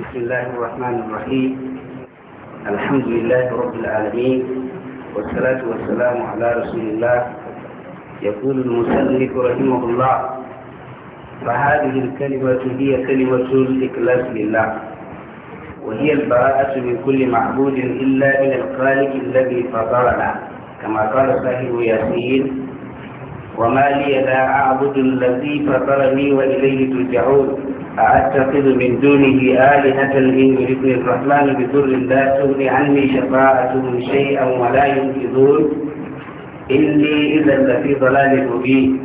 بسم الله الرحمن الرحيم الحمد لله رب العالمين والصلاة والسلام على رسول الله يقول المسلك رحمه الله فهذه الكلمة هي كلمة الإخلاص لله وهي البراءة من كل معبود إلا من الخالق الذي فطرنا كما قال صاحب ياسين وما لي لا أعبد الذي فطرني وإليه ترجعون أأتخذ من دونه آلهة إن يردني الرحمن بضر لا تغني عني شفاعتهم شيئا ولا ينقذون إني إذا لفي ضلال مبين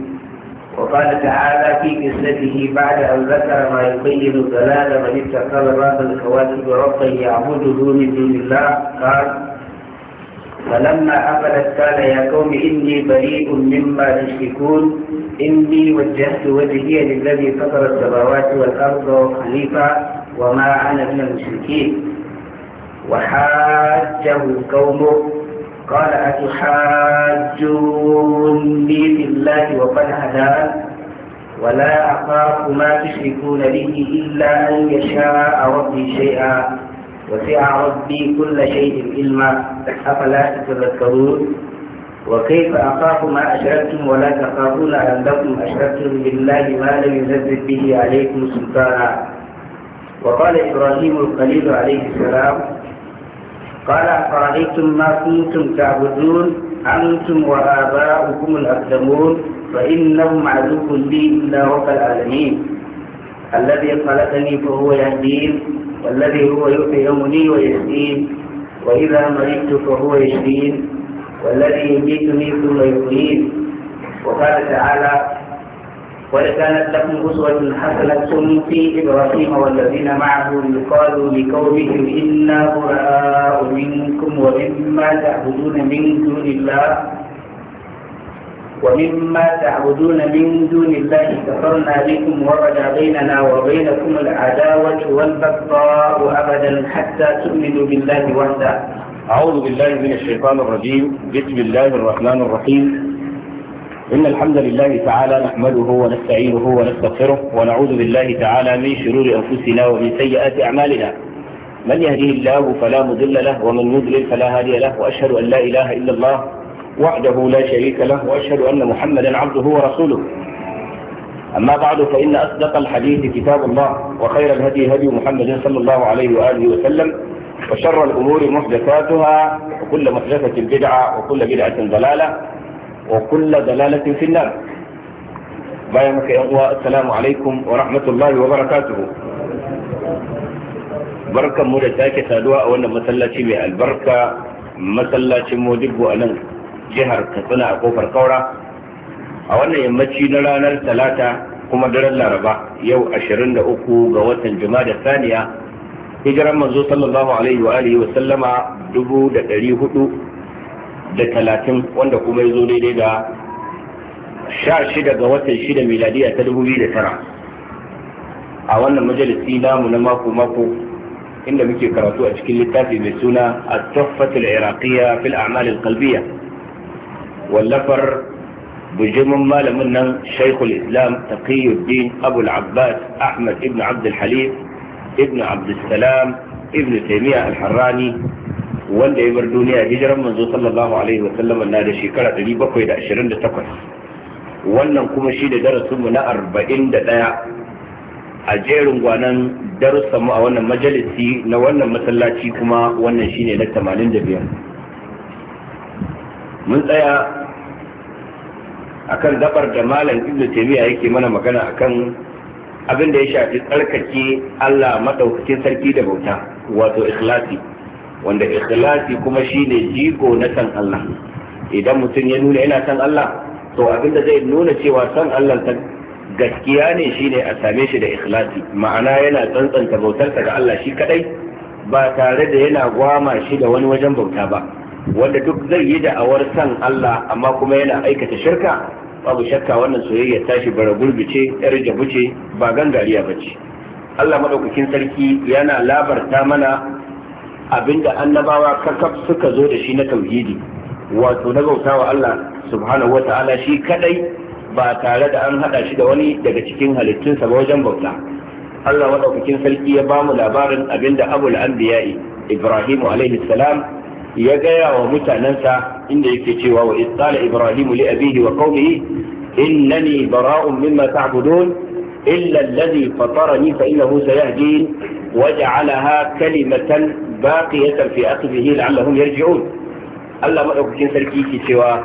وقال تعالى في قصته بعد أن ذكر ما يبين الضلال من اتخذ بعض الكواكب ربا يعبده من دون الله قال فلما أقلت قال يا قوم إني بريء مما تشركون إني وجهت وجهي للذي فطر السماوات والأرض خليفة وما أنا من المشركين وحاجه قومه قال أتحاجوني في الله وقد هدان ولا أخاف ما تشركون به إلا أن يشاء ربي شيئا وسع ربي كل شيء علما أفلا تتذكرون وكيف أخاف ما أشركتم ولا تخافون أنكم أشركتم بالله ما لم ينزل به عليكم سلطانا وقال إبراهيم الخليل عليه السلام قال أفرأيتم ما كنتم تعبدون أنتم وآباؤكم الأقدمون فإنهم عدو لي إلا رب العالمين الذي خلقني فهو يهدين والذي هو يؤمني ويسقين وإذا مرضت فهو يشفين والذي يميتني ثم يحيين وقال تعالى كانت لكم أسوة حسنة في إبراهيم والذين معه قالوا لقومهم إنا براء منكم ومما تعبدون من دون الله ومما تعبدون من دون الله كفرنا بكم وبدا بيننا وبينكم العداوة والبغضاء أبدا حتى تؤمنوا بالله وحده أعوذ بالله من الشيطان الرجيم بسم الله الرحمن الرحيم إن الحمد لله تعالى نحمده ونستعينه ونستغفره ونعوذ بالله تعالى من شرور أنفسنا ومن سيئات أعمالنا من يهديه الله فلا مضل له ومن يضلل فلا هادي له وأشهد أن لا إله إلا الله وحده لا شريك له وأشهد أن محمدا عبده ورسوله أما بعد فإن أصدق الحديث كتاب الله وخير الهدي هدي محمد صلى الله عليه وآله وسلم وشر الأمور محدثاتها وكل محدثة بدعة وكل بدعة ضلالة وكل ضلالة في النار بايمك يا السلام عليكم ورحمة الله وبركاته بركة مدتاك سادواء وأن مسلتي البركة مسلتي مدب وأنا jihar katsina a kofar kaura a wannan yammaci na ranar talata kuma daren laraba yau 23 ga watan da saniya hijiran manzo sallallahu alaihi wa alihi wa sallama 430 wanda kuma ya zo daidai da 16 ga watan 6 miladiya ta 2009 a wannan majalisi namu na mako-mako inda muke karatu a cikin littafi mai suna a tuffatul iraqiyya fil a'mal al-qalbiyya wallafar bujimin malamin nan shaikhul islam taqiyuddin abul abbas ahmad ibn abdul halim ibn abdulsalam ibn taymiya al-harrani wanda ya bar duniya hijiran manzo sallallahu alaihi wa sallam na da shekara 728 wannan kuma shi da darasinmu na 41 a jerin gwanan darussanmu a wannan majalisi na wannan masallaci kuma wannan shine na 85 mun tsaya akan daɓar da malam ibnu taymiya yake mana magana akan abin da ya shafi tsarkake Allah madaukakin sarki da bauta wato ikhlasi wanda ikhlasi kuma shine jiko na san Allah idan mutum ya nuna yana san Allah to abin da zai nuna cewa san Allah ta gaskiya ne shine a same shi da ikhlasi ma'ana yana tsantsanta bautarsa ga Allah shi kadai ba tare da yana gwama shi da wani wajen bauta ba wanda duk zai yi da'awar san Allah amma kuma yana aikata shirka babu shakka wannan soyayya tashi bara gurbi ce, yar jabu ce ba gangariya ce. Allah madaukakin sarki yana labarta mana abinda annabawa kakaf suka zo da shi na tauhidi wato na bautawa Allah subhanahu wataala shi kadai ba tare da an hada shi da wani daga cikin halittunsa ba wajen bauta Allah madaukakin sarki ya bamu labarin abinda abul anbiya'i Ibrahimu alaihi salam ya gaya wa mutanensa inda yake cewa wa isqala ibrahimu li abihi wa qaumihi innani bara'un mimma ta'budun illa alladhi fatarani fa innahu sayahdin waja'alaha kalimatan baqiyatan fi aqibihi la'allahum yarji'un Allah madaukakin sarki ke cewa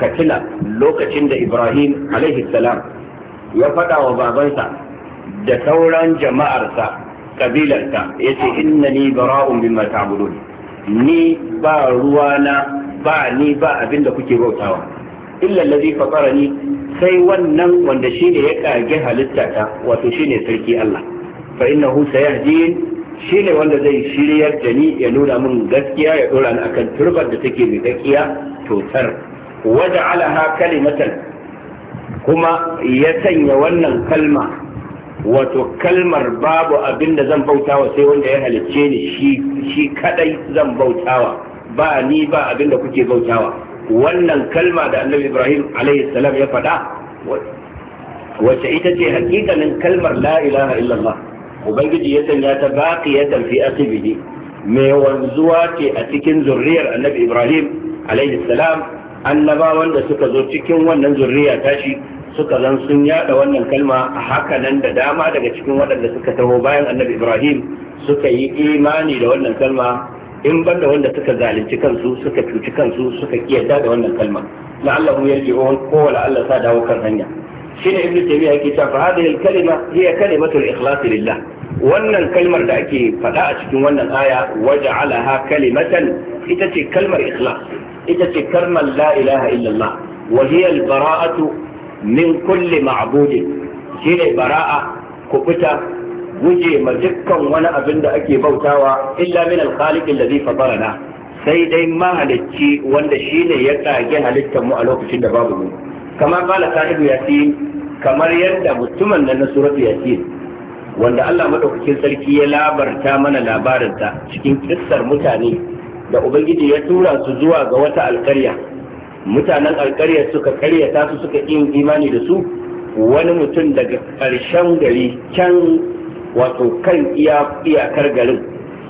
ka tuna lokacin da Ibrahim alaihi salam ya faɗa wa babansa da sauran jama'arsa kabilarta yace innani bara'un mimma ta'budun ni ba ruwana ba ni ba abin da kuke bautawa illa allazi fatarani sai wannan wanda shine ya kage halitta ta wato shine sarki Allah fa innahu sayahdin shine wanda zai shiryar da ni ya nuna min gaskiya ya dora ni akan turbar da take mai gaskiya totar waja'alaha kalimatan kuma ya sanya wannan kalma wato kalmar babu abin da zan bautawa sai wanda ya halicce ni shi kadai zan bautawa ba ni ba abin da kuke bautawa wannan kalma da annabi ibrahim salam ya faɗa wacce ita ce hakikanin kalmar la ilaha illallah ubangiji ya sanya ta ya fi asibiti. mai wanzuwa ce a cikin zurriyar annabi ibrahim salam annabawan da suka zo cikin wannan zurriya tashi suka zan sun yada wannan kalma a haka nan da dama daga cikin waɗanda suka taho bayan annabi ibrahim suka yi imani da wannan kalma in banda wanda suka zalunci kansu suka cuci kansu suka kiyarda da wannan kalma la'allahu yarji'un ko wala Allah sa dawo kan hanya shine ibnu taymiya yake cewa fa hadhihi al-kalima hiya kalimatul ikhlas lillah wannan kalmar da ake faɗa a cikin wannan aya waja'alaha kalimatan ita ce kalmar ikhlas ita ce kalmar la ilaha illallah wa baraatu min kulli ma'budin ne bara'a ku fita, guje ma dukkan wani abin da ake bautawa illa min al-khaliq alladhi fatarana sai dai mahalicci wanda shine ya kage halittar mu a lokacin da babu mu kamar qala sahibu yasin kamar yadda mutumin nan na suratu yasin wanda Allah madaukakin sarki ya labarta mana labarinsa cikin kissar mutane da ubangiji ya tura su zuwa ga wata alƙarya. mutanen alƙaryar suka karyata su suka yin imani da su wani mutum daga ƙarshen gari can wato kan iyakar garin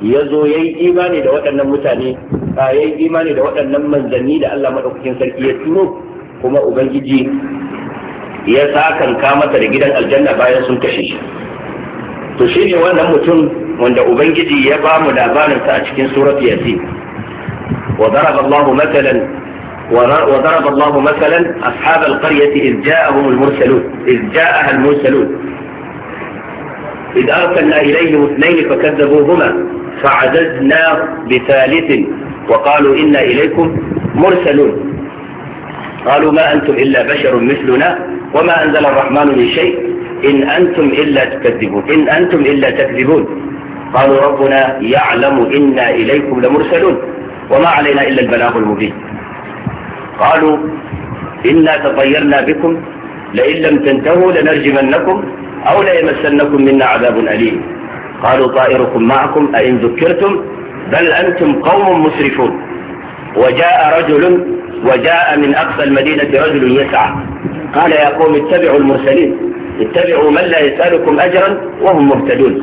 ya zo ya yi imani da waɗannan mutane ya yi imani da waɗannan manzanni da Allah maɗaukakin sarki ya tuno kuma ubangiji ya sa sakanka mata da gidan aljanna bayan sun kashe shi to shi ne wannan mutum wanda ubangiji ya ba mu labarinsa a cikin surat yasin wa daraba Allahu وضرب الله مثلا أصحاب القرية إذ جاءهم المرسلون إذ جاءها المرسلون إذ أرسلنا إليهم اثنين فكذبوهما فعززنا بثالث وقالوا إنا إليكم مرسلون قالوا ما أنتم إلا بشر مثلنا وما أنزل الرحمن من شيء إن أنتم إلا تكذبون إن أنتم إلا تكذبون قالوا ربنا يعلم إنا إليكم لمرسلون وما علينا إلا البلاغ المبين قالوا إنا تطيرنا بكم لئن لم تنتهوا لنرجمنكم أو ليمسنكم منا عذاب أليم قالوا طائركم معكم أئن ذكرتم بل أنتم قوم مسرفون وجاء رجل وجاء من أقصى المدينة رجل يسعى قال يا قوم اتبعوا المرسلين اتبعوا من لا يسألكم أجرا وهم مهتدون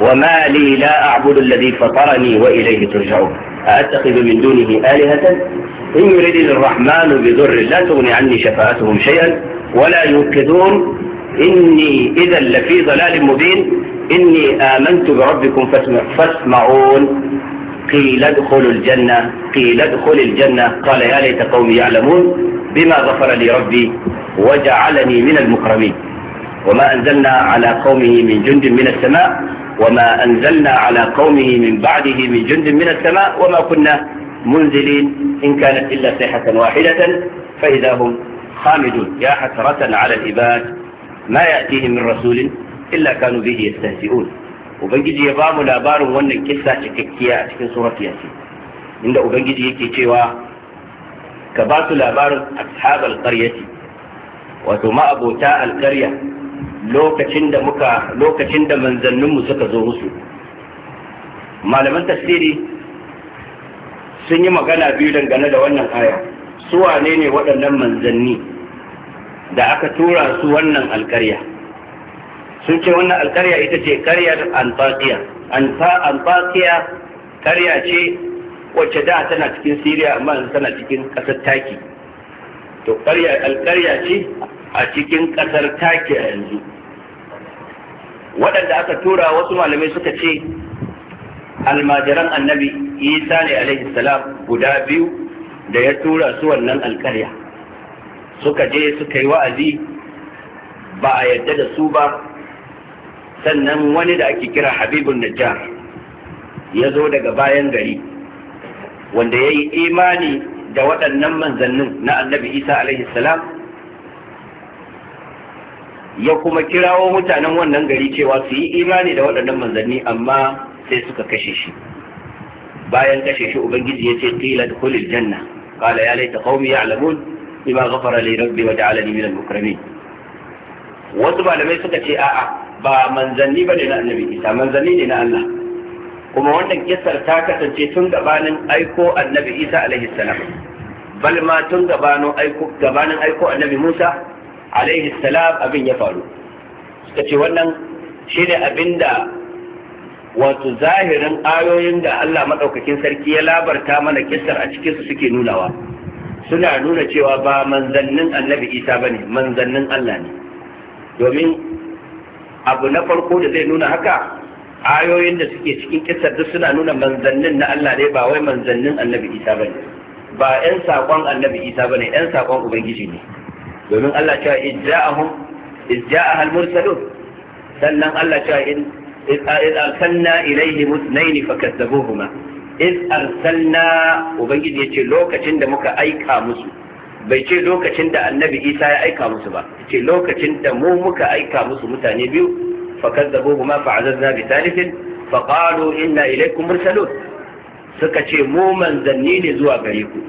وما لي لا أعبد الذي فطرني وإليه ترجعون أأتخذ من دونه آلهة إن يريد الرحمن بضر لا تغني عني شفاعتهم شيئا ولا ينقذون إني إذا لفي ضلال مبين إني آمنت بربكم فاسمعون قيل ادخلوا الجنة قيل ادخل الجنة قال يا ليت قومي يعلمون بما غفر لي ربي وجعلني من المكرمين وما أنزلنا على قومه من جند من السماء وما أنزلنا على قومه من بعده من جند من السماء وما كنا منزلين إن كانت إلا صيحة واحدة فإذا هم خامدون يا حسرة على العباد ما يأتيهم من رسول إلا كانوا به يستهزئون وبنجد يبام لابار ونن الكسة تككيا تكن سورة ياسين عند وبنجي يكي تيوا كبات بار أصحاب القرية وثم تاء القرية lokacin da muka lokacin da manzanninmu suka zo musu malaman tafsiri sun yi magana biyu dangane da wannan aya su wane ne waɗannan manzanni da aka tura su wannan alkarya sun ce wannan alkarya ita ce karyar antakiya antakiya karya ce wacce da tana cikin siriya amma tana cikin ƙasar taki to alkarya ce a cikin ƙasar taki a yanzu waɗanda aka tura wasu malamai suka ce almajiran annabi isa ne alaihi salam guda biyu da ya tura su wannan alƙarya suka je suka yi wa'azi ba a yadda da su ba sannan wani da ake kira habibun najjar ya zo daga bayan gari wanda ya yi imani da waɗannan manzannin na annabi isa alaihi salam ya kuma kirawo mutanen wannan gari cewa su yi imani da waɗannan manzanni amma sai suka kashe shi bayan kashe shi ubangiji ya ce qila dkhulil janna qala ya laita qaumi ya'lamun bima ghafara li rabbi wa ja'alani min al-mukramin wasu malamai suka ce a'a ba manzanni ba ne na annabi isa manzanni ne na Allah kuma wannan kisar ta kasance tun gabanin aiko annabi isa alaihi salam bal ma tun gabanin aiko gabanin aiko annabi musa alaihi salam abin ya faru suka ce wannan shi ne abin da wato zahirin ayoyin da Allah madaukakin sarki ya labarta mana kissar a cikin su suke nunawa suna nuna cewa ba manzannin annabi isa bane manzannin Allah ne domin abu na farko da zai nuna haka ayoyin da suke cikin kisar duk suna nuna manzannin na Allah ne ba wai manzannin annabi Isa ba ne ba 'yan saƙon annabi Isa ba ne 'yan saƙon Ubangiji ne domin Allah cewa ijja'ahum ijja'aha al-mursalun sannan Allah cewa in إذ أرسلنا إليهم اثنين فكذبوهما إذ أرسلنا وبنجد يتي لوكتين دا muka aika musu. bai ce lokacin da annabi isa ya aika musu ba ce lokacin da mu muka aika musu mutane biyu fakazzabu ma fa'azazna bi thalithin faqalu inna ilaykum mursalun suka ce mu manzanni ne zuwa gare ku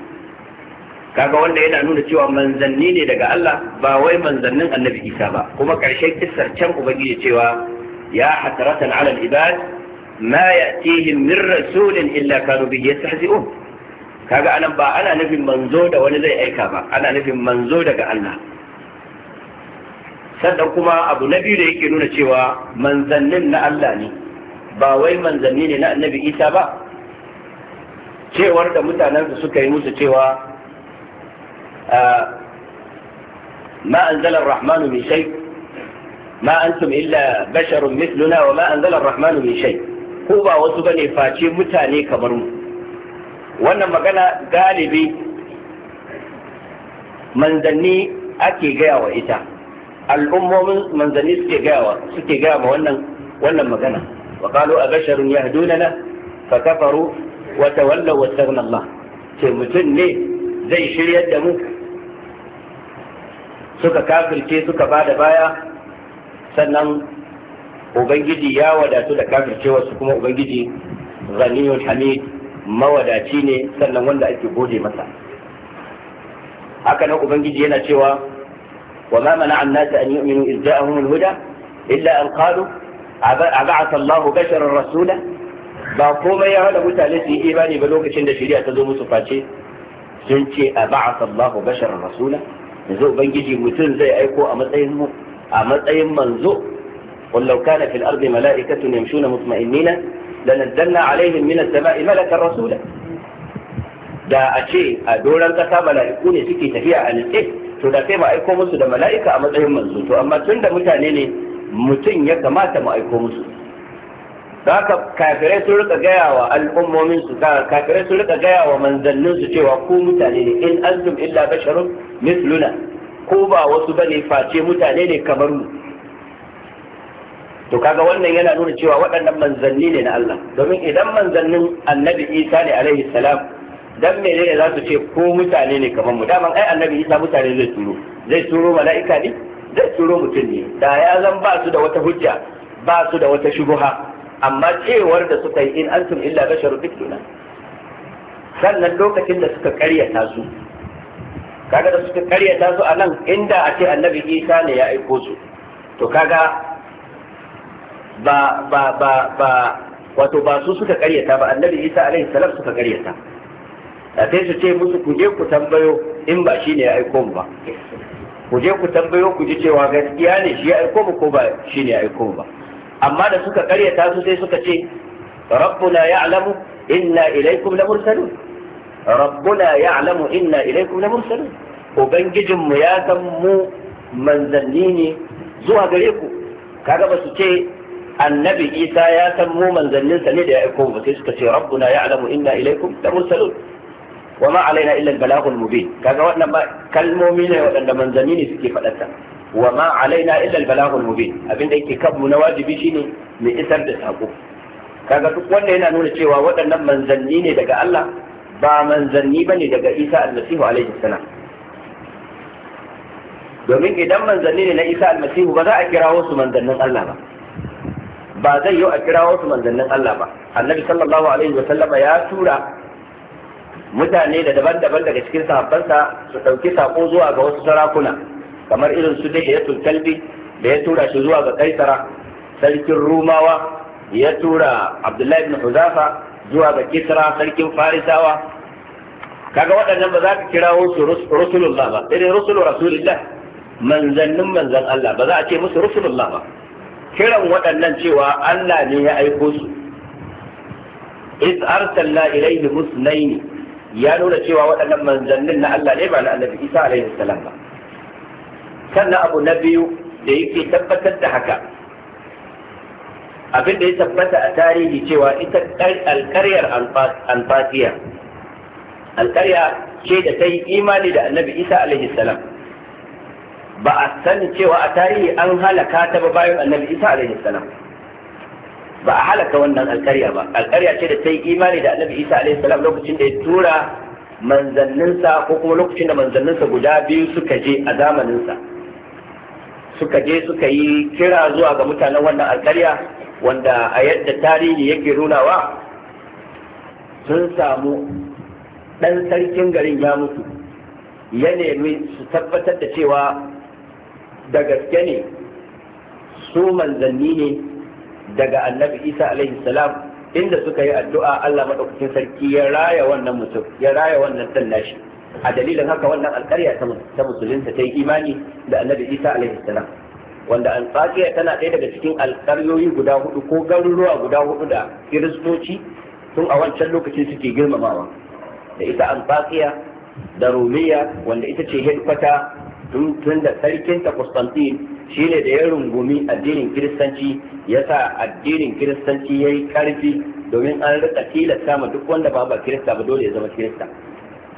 kaga wanda yana nuna cewa manzanni ne daga Allah ba wai manzannin annabi Isa ba kuma karshen kissar can ubangiji cewa ya hasratan ala al-ibad ma ya'tihim min rasulin illa kanu bihi yastahzi'un kaga anan ba ana nufin manzo da wani zai aika ba ana nufin manzo daga Allah sannan kuma abu na biyu da yake nuna cewa manzannin na Allah ne ba wai manzanni ne na annabi Isa ba cewar da mutanensu suka yi musu cewa ما أنزل الرحمن من شيء ما أنتم إلا بشر مثلنا وما أنزل الرحمن من شيء ko ba wasu bane face mutane kamar mu wannan magana galibi manzanni ake gaya wa ita al'ummomin manzanni suke gaya wa suke gaya ma wannan wannan magana wa qalu abasharun yahdunana fa kafaru wa tawallaw wa Allah ce mutum ne zai shiryar da mu suka kafirce suka ba da baya sannan ubangiji ya wadatu da kafircewarsu kuma ubangiji ghaniyun hamid mawadaci ne sannan wanda ake gode masa haka nan ubangiji yana cewa wa ma mana an nasa an yu'minu iz ja'ahum huda illa an qalu ab'atha Allahu basharan rasula ba komai ya hada mutane su yi imani ba lokacin da shari'a ta zo musu face sun ce a ab'atha Allahu basharan rasula yanzu ubangiji mutum zai aiko a matsayin mu a matsayin manzo wallau kana fil ardi mala'ikatun yamshuna mutma'innina lanazzalna alaihim min as-sama'i malakan rasula da a ce a doran kasa mala'iku ne suke tafiya a nitse to da sai mu aiko musu da mala'ika a matsayin manzo to amma tun da mutane ne mutum ya kamata mu aiko musu haka kafirai sun rika gaya wa al'ummomin su kafirai sun rika gaya wa manzannin su cewa ku mutane ne in azum illa basharun misluna ko ba wasu bane face mutane ne kamar mu to kaga wannan yana nuna cewa waɗannan manzanni ne na Allah domin idan manzannin annabi Isa ne alaihi salam dan ne za su ce ko mutane ne kamar mu daman ai annabi Isa mutane zai turo zai turo mala'ika ne zai turo mutum ne da ya zan ba su da wata hujja ba su da wata shubuha amma cewar da suka yi in antum illa basharu mithluna sannan lokacin da suka karyata su kaga da suka karyata su a nan inda a ce annabi isa ne ya aiko su to kaga ba ba ba ba wato ba su suka karyata ba annabi isa alaihi salam suka karyata a sai su ce musu ku je ku tambayo in ba shi ne ya aiko mu ba ku je ku tambayo ku ji cewa gaskiya ne shi ya aiko mu ko ba shi ne ya aiko mu ba amma da suka karyata su sai suka ce rabbuna ya'lamu inna ilaikum lamursalun rabbuna ya'lamu inna ilaikum lamursalun ubangijinmu ya san mu manzanni ne zuwa gare ku kaga ba su ce annabi isa ya san mu manzanninsa ne da ya aiko ba sai suka ce rabbuna alamu inna ilaikum da mursalun wa ma alaina illa al-balaghul mubin kaga wannan ba kalmomi ne waɗanda manzanni ne suke faɗarta wa ma alaina illa al-balaghul mubin abinda yake kanmu na wajibi shine mu isar da sako kaga duk wanda yana nuna cewa waɗannan manzanni ne daga Allah ba manzanni bane daga Isa almasihu alaihi salam domin idan manzanni ne na isa almasihu ba za a kirawo su manzannin Allah ba ba zai yi a kira wasu manzannin Allah ba annabi sallallahu alaihi wa sallama ya tura mutane da daban-daban daga cikin sahabbansa su ɗauki sako zuwa ga wasu sarakuna kamar irin su dai ya kalbi da ya tura shi zuwa ga kaisara sarkin rumawa ya tura abdullahi ibn huzafa zuwa ga kisra sarkin farisawa kaga waɗannan ba za ka kira wasu rusulullah ba sai dai rusulu rasulillah manzannin manzan Allah ba za a ce musu rusulullah ba kiran waɗannan cewa Allah ne ya aiko su iz arsalna ilaihi musnaini ya nuna cewa waɗannan manzannin na Allah ne ba na annabi Isa alaihi salam ba sannan abu na biyu da yake tabbatar da haka abin da ya tabbata a tarihi cewa ita alƙaryar alfasiya alƙarya ce da ta yi imani da annabi Isa alaihi salam ba a sani cewa a tarihi an halaka ta ba bayan annabi isa alaihi salam ba a halaka wannan alkarya ba alkarya ce da ta yi imani da annabi isa alaihi salam lokacin da ya tura manzanninsa ko kuma lokacin da manzanninsa guda biyu suka je a zamaninsa suka je suka yi kira zuwa ga mutanen wannan alkarya wanda a yadda tarihi yake runawa, sun samu ɗan sarkin garin ya mutu ya nemi su tabbatar da cewa da gaske ne su manzanni ne daga annabi isa alaihi salam inda suka yi addu'a Allah madaukakin sarki ya raya wannan mutum ya raya wannan dan a dalilin haka wannan alƙarya ta musulunta ta yi imani da annabi isa alaihi salam wanda alfaqiya tana ɗaya daga cikin alƙaryoyi guda hudu ko garuruwa guda hudu da kiristoci tun a wancan lokacin suke girmamawa da ita alfaqiya da rumiya wanda ita ce hedkwata tun tun da sarkin ta shi ne da ya rungumi addinin kiristanci ya sa addinin kiristanci ya yi karfi domin an rika tilasta ma duk wanda ba ba kirista ba dole ya zama kirista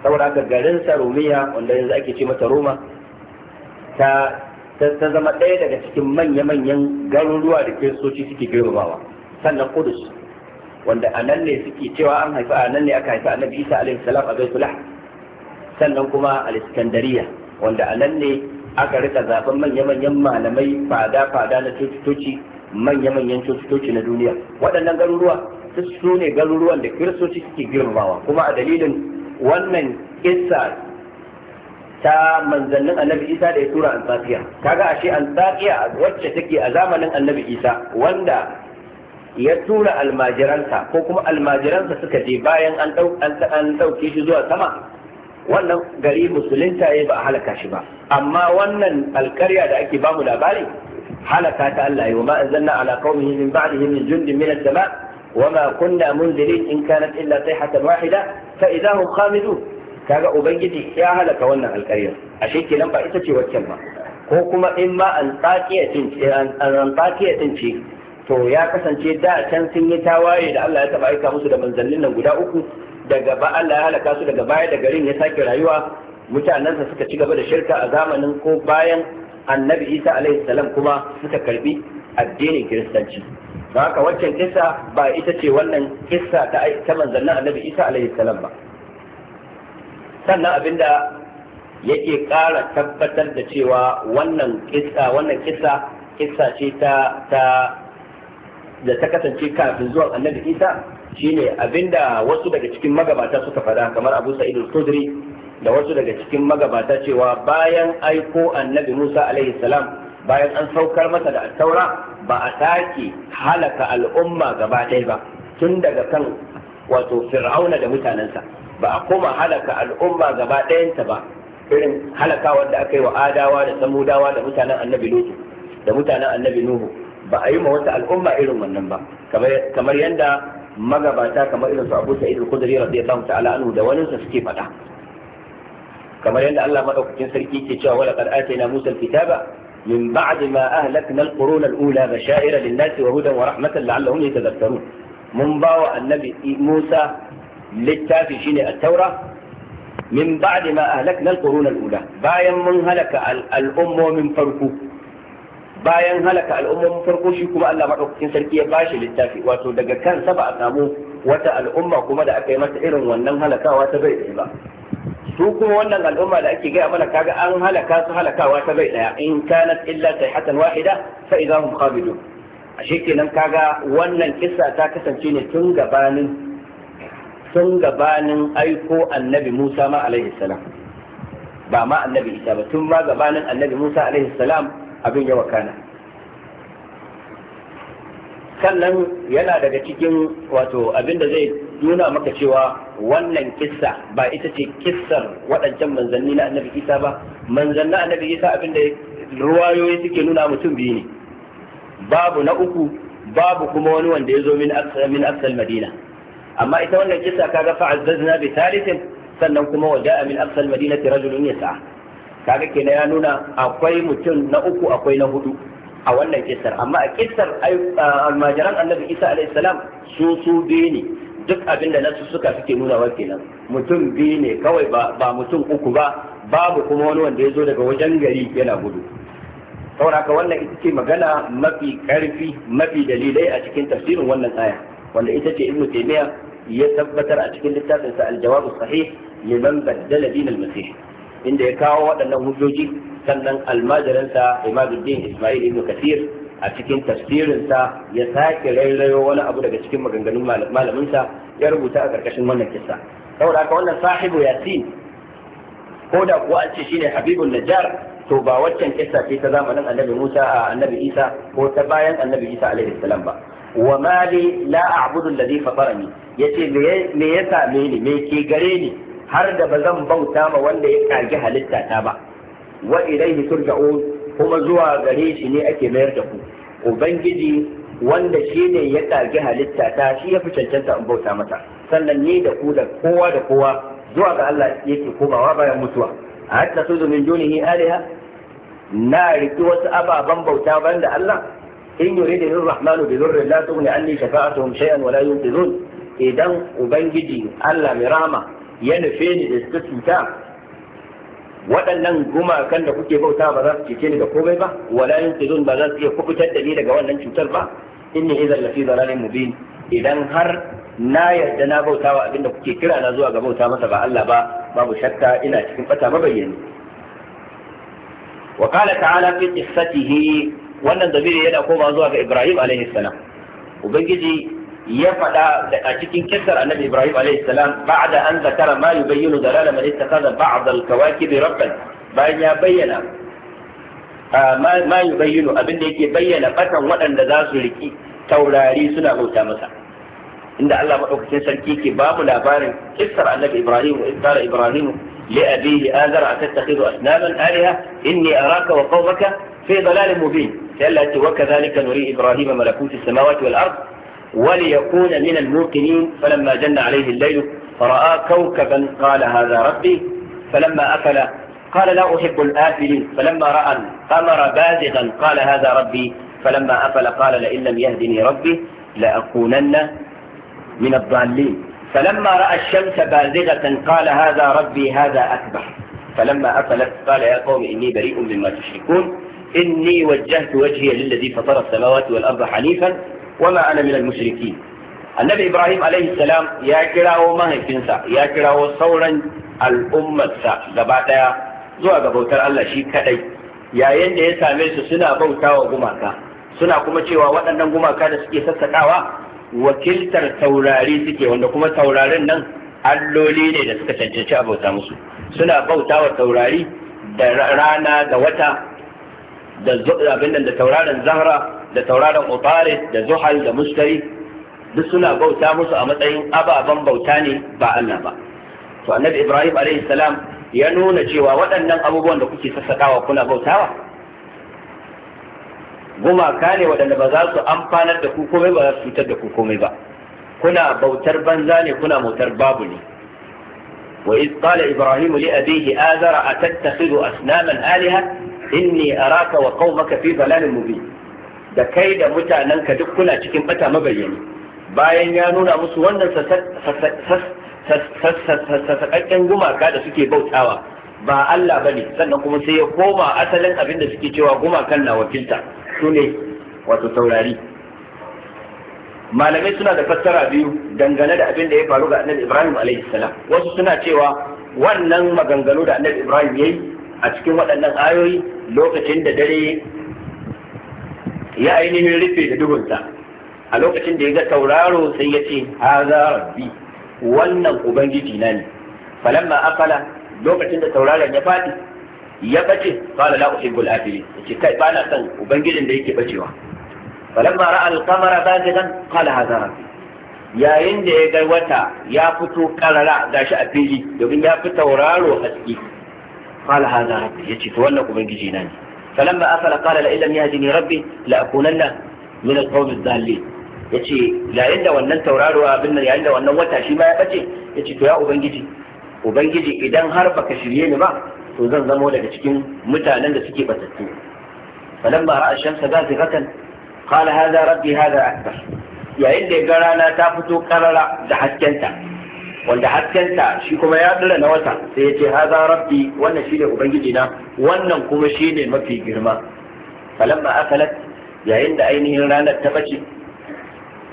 saboda haka garin sa Romiya wanda yanzu ake ce mata Roma ta ta zama ɗaya daga cikin manya-manyan garuruwa da kiristoci suke girmamawa sannan Kudus wanda a nan ne suke cewa an haifa a nan ne aka a annabi Isa alaihi salam a Baitul sannan kuma a wanda a nan ne aka rika zaben manya-manyan malamai fada-fada na coci-coci manya-manyan coci na duniya waɗannan garuruwa su ne garuruwan da kiristoci suke girmawa kuma a dalilin wannan kissa ta manzannin annabi isa da ya tura Ta kaga ashe antakiya wacce take a zamanin annabi isa wanda ya tura almajiransa ko kuma almajiransa suka je bayan an ɗauke shi zuwa sama wannan gari musulunta ya ba a halaka shi ba amma wannan alkarya da ake bamu labari halaka ta Allah wa ma anzalna ala qaumihi min ba'dihi min jundin min as-sama wa kunna munzirin in kanat illa sayhatan wahida fa idza hum khamidun kaga ubangiji ya halaka wannan alkarya ashe kenan ba ita ce waccan ba ko kuma in ma an tsakiyatin an ce to ya kasance da can sun yi tawaye da Allah ya taba aika musu da manzannin nan guda uku daga ba Allah ya halaka su daga baya da garin ya sake rayuwa mutanensa suka ci gaba da shirka a zamanin ko bayan annabi isa alaihi salam kuma suka karbi addinin kiristanci don haka waccan kissa ba ita ce wannan kissa ta ta manzannin annabi isa alaihi salam ba sannan abinda yake ƙara tabbatar da cewa wannan kissa wannan kissa kissa ce ta ta da ta kasance kafin zuwan annabi isa shine abinda wasu daga cikin magabata suka faɗa kamar Abu Sa'id al-Khudri da wasu daga cikin magabata cewa bayan aiko Annabi Musa alaihi salam bayan an saukar masa da taura ba a sake halaka al'umma gaba ɗaya ba tun daga kan wato fir'auna da mutanensa ba a koma halaka al'umma gaba ɗayanta ba irin halaka da aka yi wa adawa da samudawa da mutanen annabi da mutanen annabi nuhu ba a yi ma wata al'umma irin wannan ba kamar yadda magabata kamar irin su Abu Sa'id al-Khudri radiyallahu ta'ala anhu da wani suke fada kamar yadda Allah madaukakin sarki ke cewa wala qad atayna Musa al-kitaba min ba'd ma ahlakna al-qurun al-ula bashaira lin-nasi wa hudan wa rahmatan la'allahum yatadhakkarun mun bawa annabi Musa littafi shine at-taura min ba'd ma ahlakna al-qurun al-ula bayan mun halaka al-ummu min farko bayan halaka al'umman farko shi kuma Allah madaukakin sarki ya bashi littafi wato daga kan saba a samu wata al'umma kuma da aka yi mata irin wannan halakawa ta bai ba su kuma wannan al'umma da ake gaya mana kaga an halaka su halakawa ta bai daya in kanat illa sayhatan wahida fa idahum khabidun ashe kenan kaga wannan kissa ta kasance ne tun gabanin tun gabanin aiko annabi Musa ma alaihi salam ba ma annabi Isa ba tun ma gabanin annabi Musa alaihi salam abin ya wakana sannan yana daga cikin wato abin da zai nuna maka cewa wannan kissa ba ita ce kissar waɗancan manzanni na annabi isa ba manzanni annabi isa abin da ruwayoyi suke nuna mutum biyu ne babu na uku babu kuma wani wanda ya zo min aksal madina amma ita wannan kissa kaga fa'azzazna bi thalithin sannan kuma a min aksal madina rajulun yas'a kaga kenan ya nuna akwai mutum na uku akwai na hudu a wannan kissar amma a kissar almajiran annabi isa alaihi salam su su biyu ne duk abin da nasu suka suke nuna wa kenan mutum biyu ne kawai ba mutum uku ba babu kuma wani wanda ya zo daga wajen gari yana gudu saboda wannan ita ce magana mafi karfi mafi dalilai a cikin tafsirin wannan aya wanda ita ce ibnu taymiya ya tabbatar a cikin littafinsa al-jawab sahih liman baddala din al-masih inda ya kawo waɗannan hujjoji sannan almajiransa imaduddin ismail ibn kasir a cikin tafsirinsa ya sake rairayo wani abu daga cikin maganganun malaminsa ya rubuta a ƙarƙashin wannan kissa saboda haka wannan sahibu yasin ko da kuwa an ce shine habibun najjar to ba waccan kissa ce ta zamanin annabi Musa a annabi Isa ko ta bayan annabi Isa alaihi salam ba wa ma li la a'budu alladhi fatarani yace me ya same ni me ke gare ni har da ba zan bauta ma wanda ya kage halitta ta ba wa ilaihi turja'un kuma zuwa gare shi ne ake mayar da ku ubangiji wanda shi ne ya kage halitta ta shi ya fi cancanta in bauta mata sannan ni da ku da kowa da kowa zuwa ga Allah yake komawa bayan mutuwa a hatta su min dunihi aliha na riki wasu ababen bauta bayan da Allah in yuridu rahmanu bi dhurri la tughni anni shafa'atuhum shay'an wa la yunqidhun idan ubangiji Allah mai rahama ya nufe ni da suka cuta waɗannan gumakan da kuke bauta ba za su cece ni da komai ba wala yin ba za su iya kubutar da ni daga wannan cutar ba inni idan lafi bi mubin idan har na yarda na bauta wa abinda kuke kira na zuwa ga bauta masa ba Allah ba babu shakka ina cikin fata mabayyani wa qala ta'ala fi qissatihi wannan dabiri yana komawa zuwa ga Ibrahim alaihi salam ubangiji ya faɗa a cikin kissar annabi Ibrahim alaihi salam ba'da an zakara ma yubayyinu dalala man ittakhadha ba'd al-kawakib rabban bayan ya bayyana ma yubayyinu abinda yake bayyana batan waɗanda za su riki taurari suna bauta masa inda Allah madaukakin sarki ke babu labarin kissar annabi Ibrahim wa ittara Ibrahim li abihi azara atattakhidhu asnaman alaha inni araka wa qaumaka fi dalalin mubin sai Allah ya ce wa kadhalika nuri Ibrahim malakut as-samawati wal ardh وليكون من الموقنين فلما جن عليه الليل فرأى كوكبا قال هذا ربي فلما أفل قال لا أحب الآفلين فلما رأى القمر بازغا قال هذا ربي فلما أفل قال لئن لم يهدني ربي لأكونن من الضالين فلما رأى الشمس بازغة قال هذا ربي هذا أكبر فلما أفلت قال يا قوم إني بريء مما تشركون إني وجهت وجهي للذي فطر السماوات والأرض حنيفا Wannan ana mushriki annabi ibrahim alaihi salam ya kirawo mahaifinsa ya kirawo sauran al'ummarsa gaba daya zuwa ga bautar Allah shi kadai yayin da ya same su suna bautawa gumaka suna kuma cewa waɗannan gumaka da suke sassaƙawa wakiltar taurari suke wanda kuma taurarin nan alloli ne da suka cancanci a bauta musu suna bauta wa taurari da rana da wata da abin da taurarin zahra da tauraron Utare da Zuhal da Mustari duk suna bauta musu a matsayin ababen bauta ne ba Allah ba to annabi Ibrahim alaihi salam ya nuna cewa waɗannan abubuwan da kuke sassakawa kuna bautawa gumaka ne waɗanda ba za su amfanar da ku komai ba za su cutar da ku komai ba kuna bautar banza ne kuna motar babu ne وإذ قال إبراهيم لأبيه آذر أتتخذ أصناما آلهة إني wa وقومك في ضلال مبين da kai da mutanenka duk kuna cikin bata mabayyani bayan ya nuna musu wannan sassaƙaƙƙen gumaka da suke bautawa ba Allah ba ne sannan kuma sai ya koma asalin abin da suke cewa gumakan na wakilta su ne wato taurari malamai suna da fassara biyu dangane da abin da ya faru ga annabi Ibrahim wasu suna cewa wannan maganganu da annabi Ibrahim ya yi a cikin waɗannan ayoyi lokacin da dare ya ainihin rufe da duhunsa a lokacin da ya ga tauraro sai ya ce za, rabbi wannan ubangiji na ne falamma afala lokacin da tauraron ya fadi ya bace fara la uhibbul afili yace kai ba na san ubangijin da yake bacewa falamma ra'a al-qamara bazigan qala haza rabbi yayin da ya ga wata ya fito karara gashi a fili domin ya fi tauraro a ciki qala haza rabbi yace to wannan ubangiji na ne فلما أفل قال لئن لم يهدني ربي لأكونن من القوم الضالين yace ya da wannan tauraro abin nan yayin da wannan wata shi ma ya bace yace to ya ubangiji ubangiji idan har baka shirye ni ba to zan zamo daga cikin mutanen da suke batattu falamma ra'a shamsa gazighatan qala hadha rabbi hadha akbar yayin da ga rana ta fito karara da haskenta wanda haskenta shi kuma ya tsira na wata sai ya ce haza rabbi wannan shine ubangiji na wannan kuma shine mafi girma falamma akalat yayin da ainihin ranar ta bace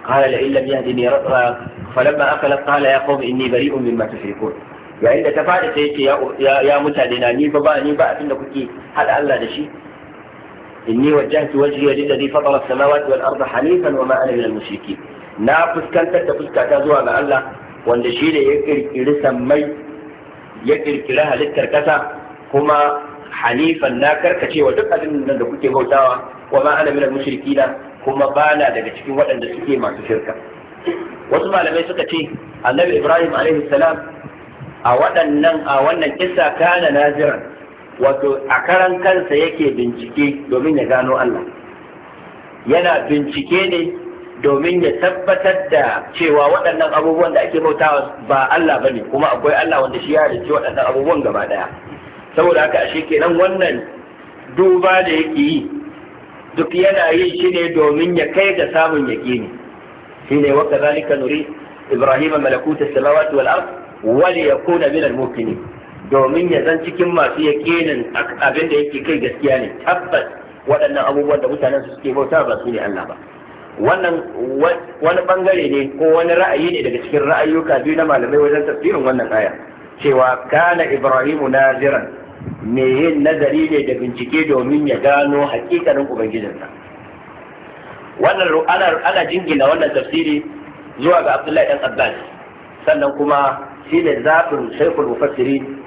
qala la illam yahdini rabba falamma akalat qala ya qawmi inni bari'un mimma tushrikun yayin da ta fada sai yace ya mutane na ni ba ba ni ba abinda kuke hada Allah da shi inni wajjahtu wajhiya lilladhi fatara as-samawati wal arda hanifan wa ma ana minal mushrikeen na fuskantar da fuskata zuwa ga Allah wanda shi ne ya kirkiri sammai ya kirkiri halittar kasa kuma hanifan na karkacewa duk abin da kuke bautawa wa ma ana minal mushrikina kuma bana daga cikin waɗanda suke masu shirka wasu malamai suka ce annabi ibrahim alaihi salam a waɗannan a wannan kissa kana naziran wato a karan kansa yake bincike domin ya gano Allah yana bincike ne domin ya tabbatar da cewa waɗannan abubuwan da ake bautawa ba Allah bane kuma akwai Allah wanda shi ya halicci waɗannan abubuwan gaba ɗaya saboda haka ashe kenan wannan duba da yake yi duk yana yin shi ne domin ya kai ga samun yaƙini shi ne wa kazalika nuri ibrahim malakuta samawati wal ard wal yakuna min al muqinin domin ya zan cikin masu yaƙinin abin da yake kai gaskiya ne tabbas waɗannan abubuwan da mutanen su suke bauta ba su ne Allah ba wannan wani bangare ne ko wani ra'ayi ne daga cikin ra'ayyuka biyu na malamai wajen tafsirin wannan aya cewa kana ibrahimu naziran me yin nazari ne da bincike domin ya gano hakikanin ubangijinsa wannan ana ana jingina wannan tafsiri zuwa ga abdullahi dan abbas sannan kuma shi ne zafin shaykhul mufassirin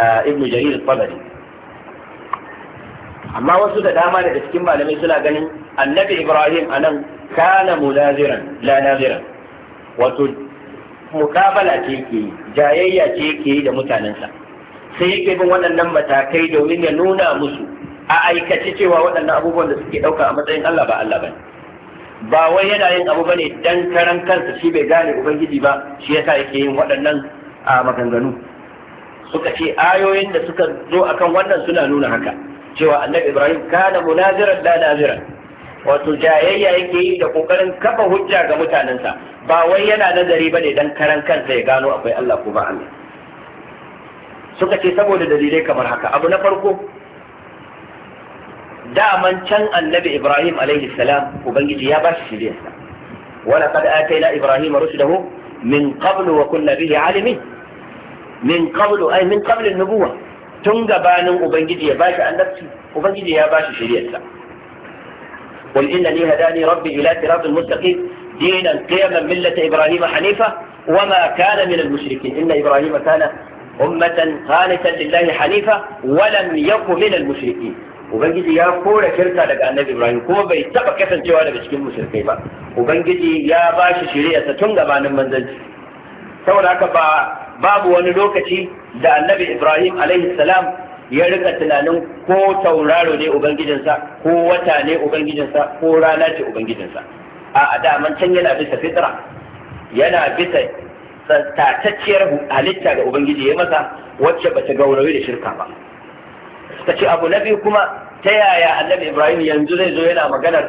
ah, ibnu jarir al-tabari amma wasu da dama daga cikin malamai suna ganin annabi ibrahim anan kana munaziran la naziran wato mukabala ce ke jayayya ce ke yi da mutanensa sai yake bin waɗannan matakai domin ya nuna musu a aikace cewa waɗannan abubuwan da suke ɗauka a matsayin Allah ba Allah bane ba wai yana yin abu bane dan karan kansa shi bai gane ubangiji ba shi yasa yake yin waɗannan a maganganu suka ce ayoyin da suka zo akan wannan suna nuna haka cewa annabi ibrahim kana munaziran la naziran. wato jayayya yake yi da kokarin kafa hujja ga mutanensa ba wai yana nazari bane dan karan kansa ya gano akwai Allah ko ba Allah suka ce saboda dalilai kamar haka abu na farko daman can annabi ibrahim alaihi salam ubangiji ya ba shi shiriyarsa wala qad atayna ibrahim rusulahu min qablu wa kunna bihi alimin min qablu ay min qablu an-nubuwah tun gabanin ubangiji ya bashi annabci ubangiji ya bashi shiriyarsa qul hadani rabbi ila siratal mustaqim dinan qiyaman millata ibrahim hanifa wama kana min al-mushrikin inna ibrahima kana ummatan qanitan lillahi hanifa wa lam yakun min al ubangiji ya kore kirka daga annabi ibrahim kuma bai taba kasancewa daga cikin mushrikai ba ubangiji ya bashi shiriyarsa tun gabanin manzanci saboda haka ba babu wani lokaci da annabi ibrahim alaihi salam ya rika tunanin ko tauraro ne ubangijinsa ko wata ne ubangijinsa ko rana ce ubangijinsa a daman can yana bisa fitra yana bisa tatacciyar halitta ga ubangiji ya masa wacce bata gaurayi da shirka ba ta ce abu na biyu kuma ta yaya annabi ibrahim yanzu zai zo yana maganar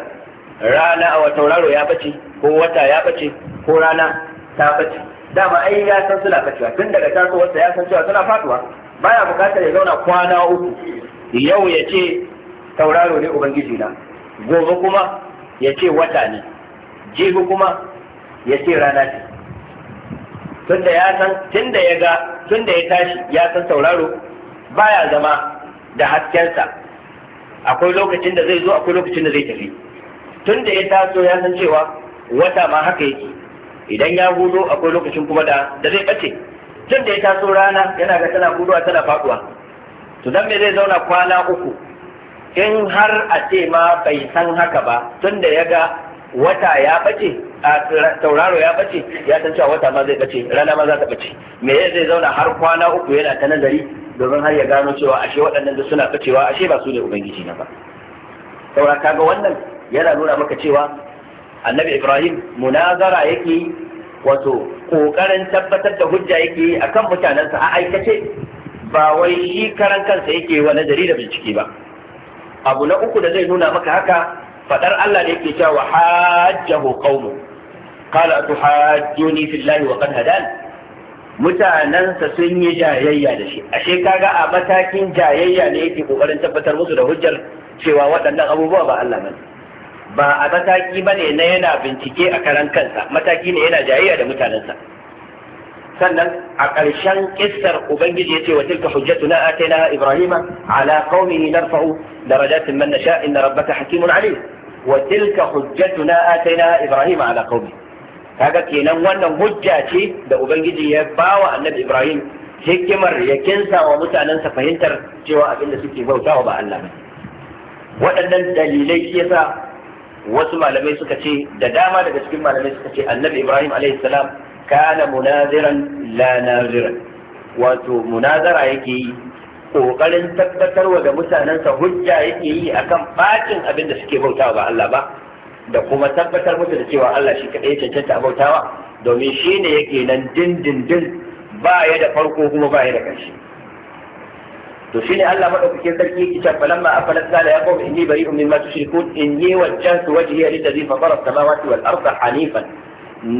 rana a tauraro ya bace ko wata ya bace ko rana ta bace dama ai ya san suna kaciwa? tun daga tasowarsa ya san cewa suna Ba baya bukatar ya zauna kwana uku yau ya ce tauraro ne ubangiji na gobe kuma ya ce wata ne jibi kuma ya ce rana ce da ya san da ya ga da ya tashi ya san tauraro baya zama da haskensa akwai lokacin da zai zo akwai lokacin da zai tafi Tun da ya taso ya san cewa wata ma haka yake idan ya hudo akwai lokacin kuma da da zai bace tun da ya taso rana yana ga tana guduwa tana faduwa to dan me zai zauna kwana uku in har a ce ma bai san haka ba tun da ya ga wata ya bace a tauraro ya bace ya san cewa wata ma zai bace rana ma za ta bace me zai zauna har kwana uku yana ta nazari domin har ya gano cewa ashe waɗannan da suna bacewa ashe ba su ne ubangiji na ba saura kaga wannan yana nuna maka cewa annabi ibrahim munazara yake wato kokarin tabbatar da hujja yake a kan mutanensa a aikace ba wai shi karan kansa yake wa nazari da bincike ba abu na uku da zai nuna maka haka fadar Allah da yake cewa hajjahu qaumu qala tuhajjuni fillahi wa qad hadan mutanansa sun yi jayayya da shi ashe kaga a matakin jayayya ne yake kokarin tabbatar musu da hujjar cewa waɗannan abubuwa ba Allah bane ba a mataki ba ne na yana bincike a karan kansa mataki ne yana jayayya da mutanensa sannan a ƙarshen kissar ubangiji ya ce wa tilka hujjatuna ataina ibrahima ala qaumihi narfa'u darajatin man nasha inna rabbaka hakimun alim wa tilka hujjatuna ataina ibrahima ala qaumi kaga kenan wannan hujja ce da ubangiji ya bawa annabi ibrahim hikimar ya kinsa wa mutanensa fahimtar cewa abinda suke bautawa ba Allah ba waɗannan dalilai yasa wasu malamai suka ce da dama daga cikin malamai suka ce annabi ibrahim alayhi salam kana munaziran la naziran wato munazara yake yi kokarin tabbatarwa da mutanensa hujja yake yi akan bacin abin da suke bautawa ba Allah ba da kuma tabbatar musu da cewa Allah shi kadai cancanta a bautawa domin shine yake nan dindindin ba ya da farko kuma ba ya da ƙarshe to shine Allah madaukakin sarki yake cewa falamma afalat qala ya qawmi inni bari'un mimma tushrikun inni wajjahtu wajhiya lilladhi fatara samawati wal arda hanifan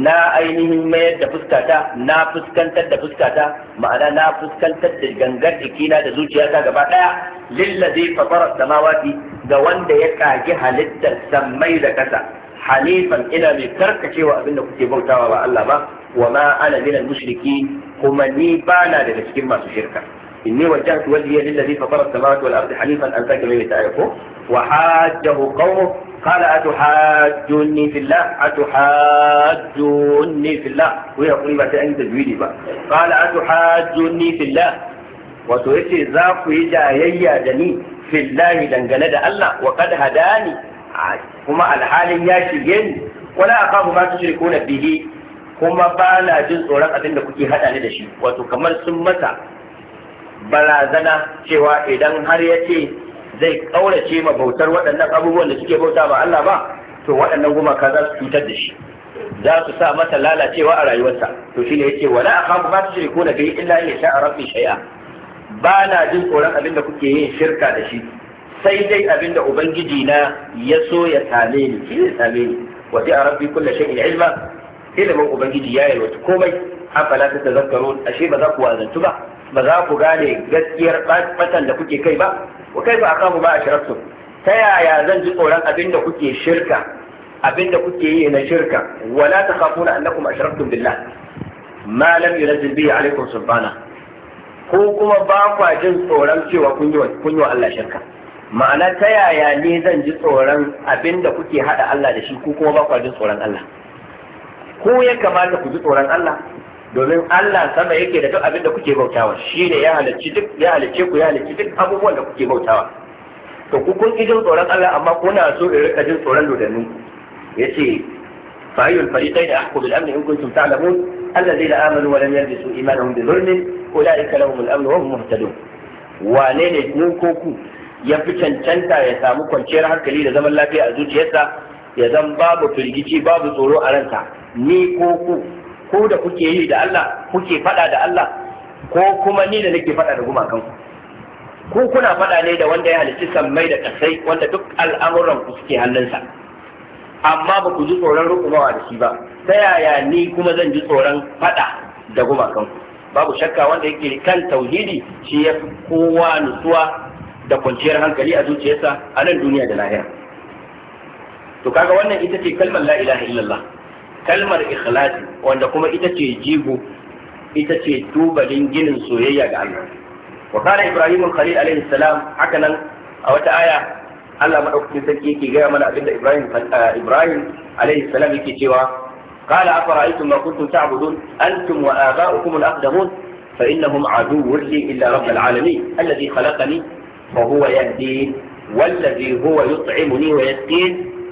na ainihin mayar da fuskata na fuskantar da fuskata ma'ana na fuskantar da gangar jikina da zuciyata gaba daya lillazi fatara samawati ga wanda ya kage halittar sammai da kasa hanifan ina mai karkacewa abinda kuke bautawa ba Allah ba wa ma ana minal mushriki kuma ni bana daga cikin masu shirka إني وجهت وجهي للذي فطر السماوات والأرض حنيفا أمسك من تعرفه وحاجه قومه قال أتحاجوني في الله أتحاجوني في الله ويقول ما تأني تجويدي بقى قال أتحاجوني في الله وتوتي ذاك هي دني في الله لنجلد الله وقد هداني كما الحال شيخين ولا أخاف ما تشركون به كما بالا جزء رقة لكي هداني دشي وتكمل سمتا barazana cewa idan har ya ce zai ƙaurace ma bautar waɗannan abubuwan da suke bauta ba Allah ba to waɗannan gumaka za su cutar da shi za su sa masa lalacewa a rayuwarsa to shine yace wala akhafu ma shirku na bihi illa in sha'a rabbi shay'a ba na jin tsoron abin da kuke yin shirka da shi sai dai abin da ubangiji na ya so ya same ni shi same ni wa a rabbi kullu shay'in ilma ilimin ubangiji ya yi yalwaci komai afala tazakkarun ashe ba za ku wazantu ba ba za ku gane gaskiyar batan da kuke kai ba ku kai ba a kamu ba a shirarsu ta yaya zan ji tsoron abin da kuke shirka abin da kuke yi na shirka wala ta kafu na annakum a shirarsu billah ma lam biyu a alaikum subhana ko kuma ba kwa jin tsoron cewa kun yi wa Allah shirka ma'ana ta yaya ne zan ji tsoron abin da kuke hada Allah da shi ko kuma ba kwa jin tsoron Allah ko ya kamata ku ji tsoron Allah domin Allah sama yake da duk abin da kuke bautawa shi ne ya halicci duk ya halicce ku ya halicci duk abubuwan da kuke bautawa to ku kun ji tsoron Allah amma kuna so in rika jin tsoron dodanni yace fariqai da ahqu bil amn in kuntum ta'lamun la amanu wa lam yalbisu imanuhum bi dhulmin ulaika lahum al amn wa hum muhtadun wane ne mu ko ku ya fi cancanta ya samu kwanciyar hankali da zaman lafiya a zuciyarsa ya zan babu firgici babu tsoro a ranta, ni ko ku ko da kuke yi da Allah kuke faɗa da Allah ko kuma ni da nake faɗa da gumakan ku kuna faɗa ne da wanda ya halicci sammai da kasai wanda duk al'amuran ku suke hannunsa amma ba ku ji tsoron rukumawa da shi ba ta yaya ni kuma zan ji tsoron faɗa da gumakan ku babu shakka wanda yake kan tauhidi shi ya kowa nutsuwa da kwanciyar hankali a zuciyarsa a nan duniya da lahira to kaga wannan ita ce kalmar la ilaha illallah kalmar ikhlasi wanda kuma ita ce jigo ita ce tubalin ginin soyayya ga Allah wa kana ibrahim khalil alaihi salam haka nan a wata aya Allah madaukakin sarki yake ga mana abin da ibrahim ibrahim alaihi salam yake cewa qala afara'aytum ma kuntum ta'budun antum wa aba'ukum al-aqdamun fa innahum aduwwun li illa rabbil alamin alladhi khalaqani fa huwa yahdin والذي هو يطعمني ويسقين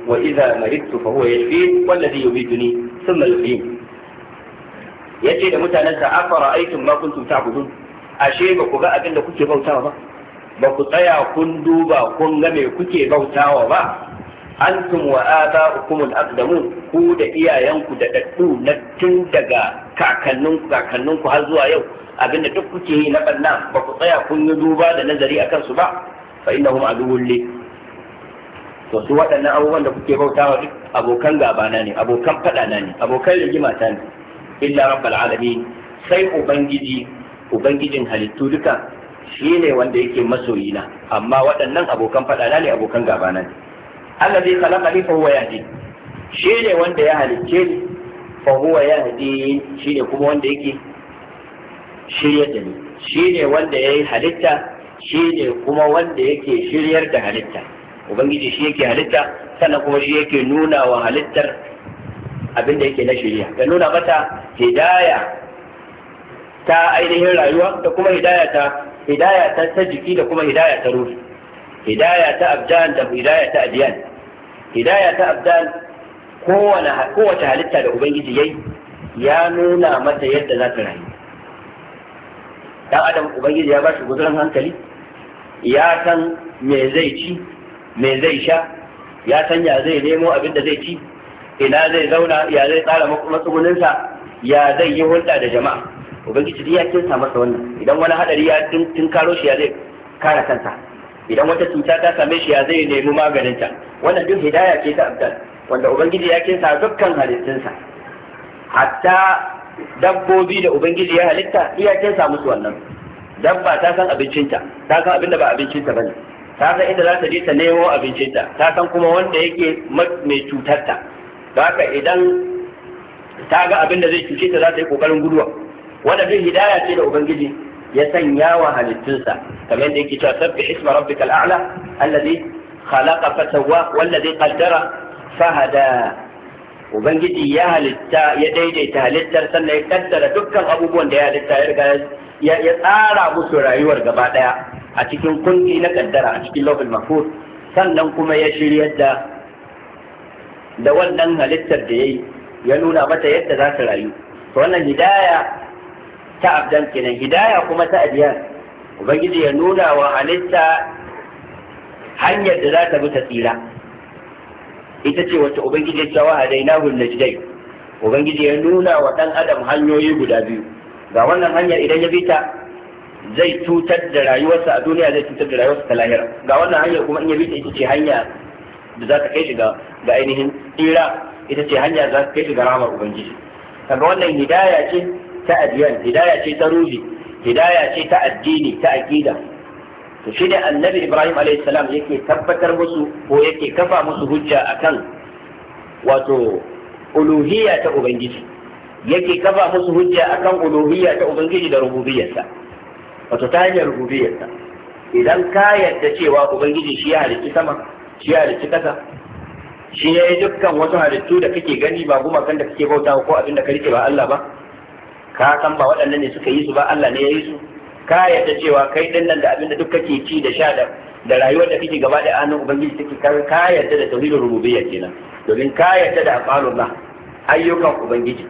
وإذا مرضت فهو يشفين والذي يميتني ثم يحيين yace da sa a aikin ma kuntum ta'budun ashe ba ku ga abin da kuke bautawa ba ba ku tsaya kun duba kun ga me kuke bautawa ba antum wa aba'ukum al-aqdamun ku da iyayenku da daddu na tun daga kakanninku har zuwa yau abinda duk kuke yi na banna ba ku tsaya kun yi duba da nazari akan su ba fa innahum aduwwun to su waɗannan abubuwan da kuke bautawa duk abokan gabana ne abokan faɗana ne abokan rigima ta ne illa rabbal alamin sai ubangiji ubangijin halittu duka shi ne wanda yake masoyina amma waɗannan abokan faɗana ne abokan gabana ne Allah zai khalaqa ni fa huwa yahdi shi ne wanda ya halicce ni fa huwa yahdi shi ne kuma wanda yake shiryar da ni shi ne wanda ya yi halitta shi ne kuma wanda yake shiryar da halitta ubangiji shi yake halitta sannan kuma shi yake nuna wa halittar abin da yake na shirya. ya nuna mata hidaya ta ainihin rayuwa da kuma hidaya ta hidaya ta ta jiki da kuma hidaya ta ruhi hidaya ta abdan da hidaya ta adiyan hidaya ta abdan kowane kowace halitta da ubangiji yayi ya nuna mata yadda za ta rayu dan adam ubangiji ya ba shi guzuran hankali ya san me zai ci me zai sha ya san ya zai nemo abin da zai ci ina zai zauna ya zai tsara matsuguninsa ya zai yi hulɗa da jama'a ubangiji duk ya kinsa masa wannan idan wani hadari ya karo shi ya zai kare kansa idan wata cuta ta same shi ya zai nemi maganinta wannan duk hidaya ce ta abdal wanda ubangiji ya kinsa dukkan halittunsa hatta dabbobi da ubangiji ya halitta iya kinsa musu wannan dabba ta san abincinta ta san abin da ba abincinta bane ta san inda za ta je ta nemo abincinta ta san kuma wanda yake mai cutarta da haka idan ta ga abin da zai cuce ta za ta yi kokarin guduwa wanda duk hidaya ce da ubangiji ya sanya wa halittunsa kamar yadda yake cewa sabbi isma rabbika ala allazi khalaqa fa sawwa wallazi qaddara fa ubangiji ya halitta ya daidaita halittar sannan ya kaddara dukkan abubuwan da ya halitta ya riga ya tsara musu rayuwar gaba daya a cikin kundi na kaddara a cikin lauhul mahfuz sannan kuma ya shiryar da da wannan halittar da yayi ya nuna mata yadda za ta rayu to wannan hidaya ta abdan kenan hidaya kuma ta adiyan ubangiji ya nuna wa halitta hanyar da za ta bi ta tsira ita ce wacce ubangiji ya cewa hadainahu najdai ubangiji ya nuna wa dan adam hanyoyi guda biyu ga wannan hanyar idan ya bi ta zai cutar da rayuwarsa a duniya zai cutar da rayuwarsa ta lahira ga wannan hanyar kuma in ya bi ita ce hanya da za ta kai shi ga ainihin tsira ita ce hanya za ta kai shi ga rahamar ubangiji kaga wannan hidaya ce ta adiyan hidaya ce ta ruhi hidaya ce ta addini ta aqida to shi ne annabi ibrahim alayhi salam yake tabbatar musu ko yake kafa musu hujja akan wato uluhiyya ta ubangiji yake kafa musu hujja akan uluhiyya ta ubangiji da rububiyyarsa wato ta hanyar rububiyarsa idan ka yarda cewa ubangiji shi ya halicci sama shi ya halicci kasa shi ya dukkan wasu halittu da kake gani ba kan da kake bauta ko abin da kake ba Allah ba ka san ba waɗannan ne suka yi su ba Allah ne ya yi su ka yarda cewa kai din nan da abin da duk kake ci da sha da da rayuwar da kake gaba da anan ubangiji take ka ka yarda da tauhidul rububiyya kenan domin ka yarda da afalullah ayyukan ubangiji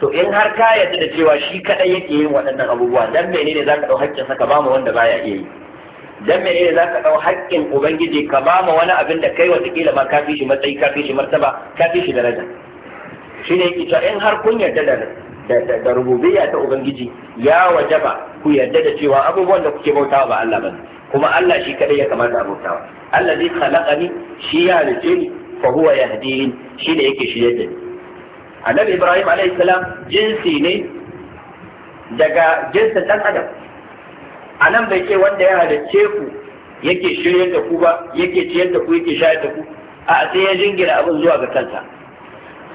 to in har ka yarda da cewa shi kadai yake yin waɗannan abubuwa dan ne zaka dau haƙƙin sa ka ba mu wanda baya iya yi dan za zaka dau haƙƙin ubangiji ka ba mu wani abin da kai kila ma ka fi shi matsayi ka fi shi martaba ka fi shi daraja ne yake cewa in har kun yarda da da rububiyya ta ubangiji ya wajaba ku yarda da cewa abubuwan da kuke bautawa ba Allah bane kuma Allah shi kadai ya kamata a bautawa Allah zai khalaqani shi ya halice ni fa huwa yahdini ne yake shi yadda ni annabi ibrahim alayhi salam jinsi ne daga jinsin dan adam a nan bai ce wanda ya halicce ku yake shiryar da ku ba yake ciyar da ku yake shayar da ku a sai ya jingira abin zuwa ga kansa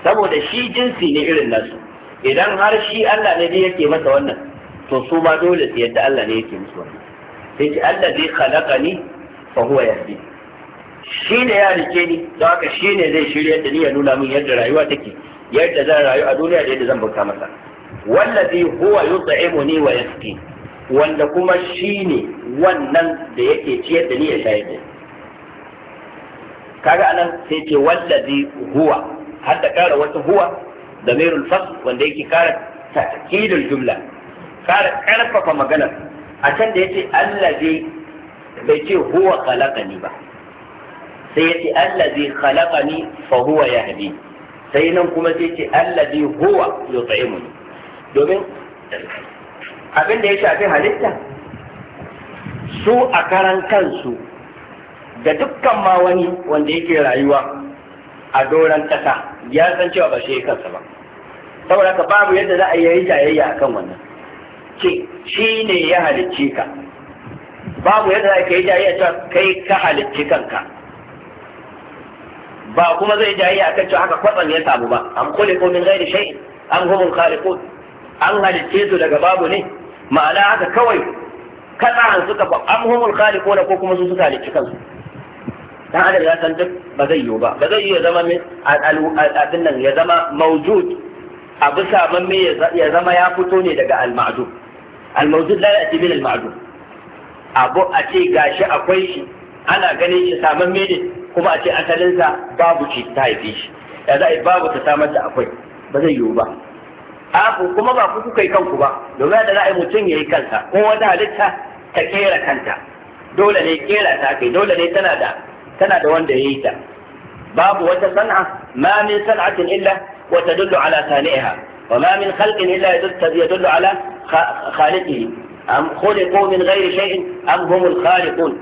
saboda shi jinsi ne irin nasu idan har shi Allah ne yake masa wannan to su ma dole su yadda Allah ne yake musu wannan sai ce Allah zai ni fa huwa yahdi shi ne ya rike ni don haka shi ne zai shiryar da ni ya nuna min yadda rayuwa take yadda zan rayu a duniya da yadda zan bauta masa wallazi huwa yut'imuni wa yasqi wanda kuma shine wannan da yake ciyar da ni ya shayar da kaga anan sai ce wallazi huwa har da kara wata huwa da merul fas wanda yake kara takidul jumla kara karfafa magana a can da yace allazi bai ce huwa khalaqani ba sai yace allazi khalaqani fa huwa yahdi sai nan kuma sai ce allazi huwa yut'imuni domin abin da ya shafi halitta su a karan kansu da dukkan ma wani wanda yake rayuwa a doron ƙasa ya san cewa ba shi kansa ba saboda ka babu yadda za a yi jayayya akan wannan ce shi ne ya halicci ka babu yadda za a yi jayayya cewa kai ka halicci kanka ba kuma zai jayi a kan cewa haka kwatsam ya samu ba An am ko min ghairi shay'in An humul khaliqun an halicce su daga babu ne ma'ana haka kawai katsahan suka fa am humul khaliqun ko kuma su suka halicci kansu dan adam ya san duk ba zai yiwu ba ba zai yiwu ya zama min abin nan ya zama mawjud a bisa mamme ya zama ya fito ne daga al-ma'dum al-mawjud la ya'ti min al-ma'dum abu a ce gashi akwai shi ana ganin shi saman ne kuma a ce asalinsa babu ce ta haife shi ya za a yi babu ta samar da akwai ba zai yiwu ba abu kuma ba ku kuka yi kanku ba domin da za a yi mutum ya yi kansa ko wata halitta ta kera kanta dole ne kera ta kai dole ne tana da tana da wanda ya yi ta babu wata sana'a ma min sana'atin illa wa tadullu ala sani'iha wa ma min khalqin illa yadullu ala khaliqihi am khuliqu min ghairi shay'in am humul khaliqun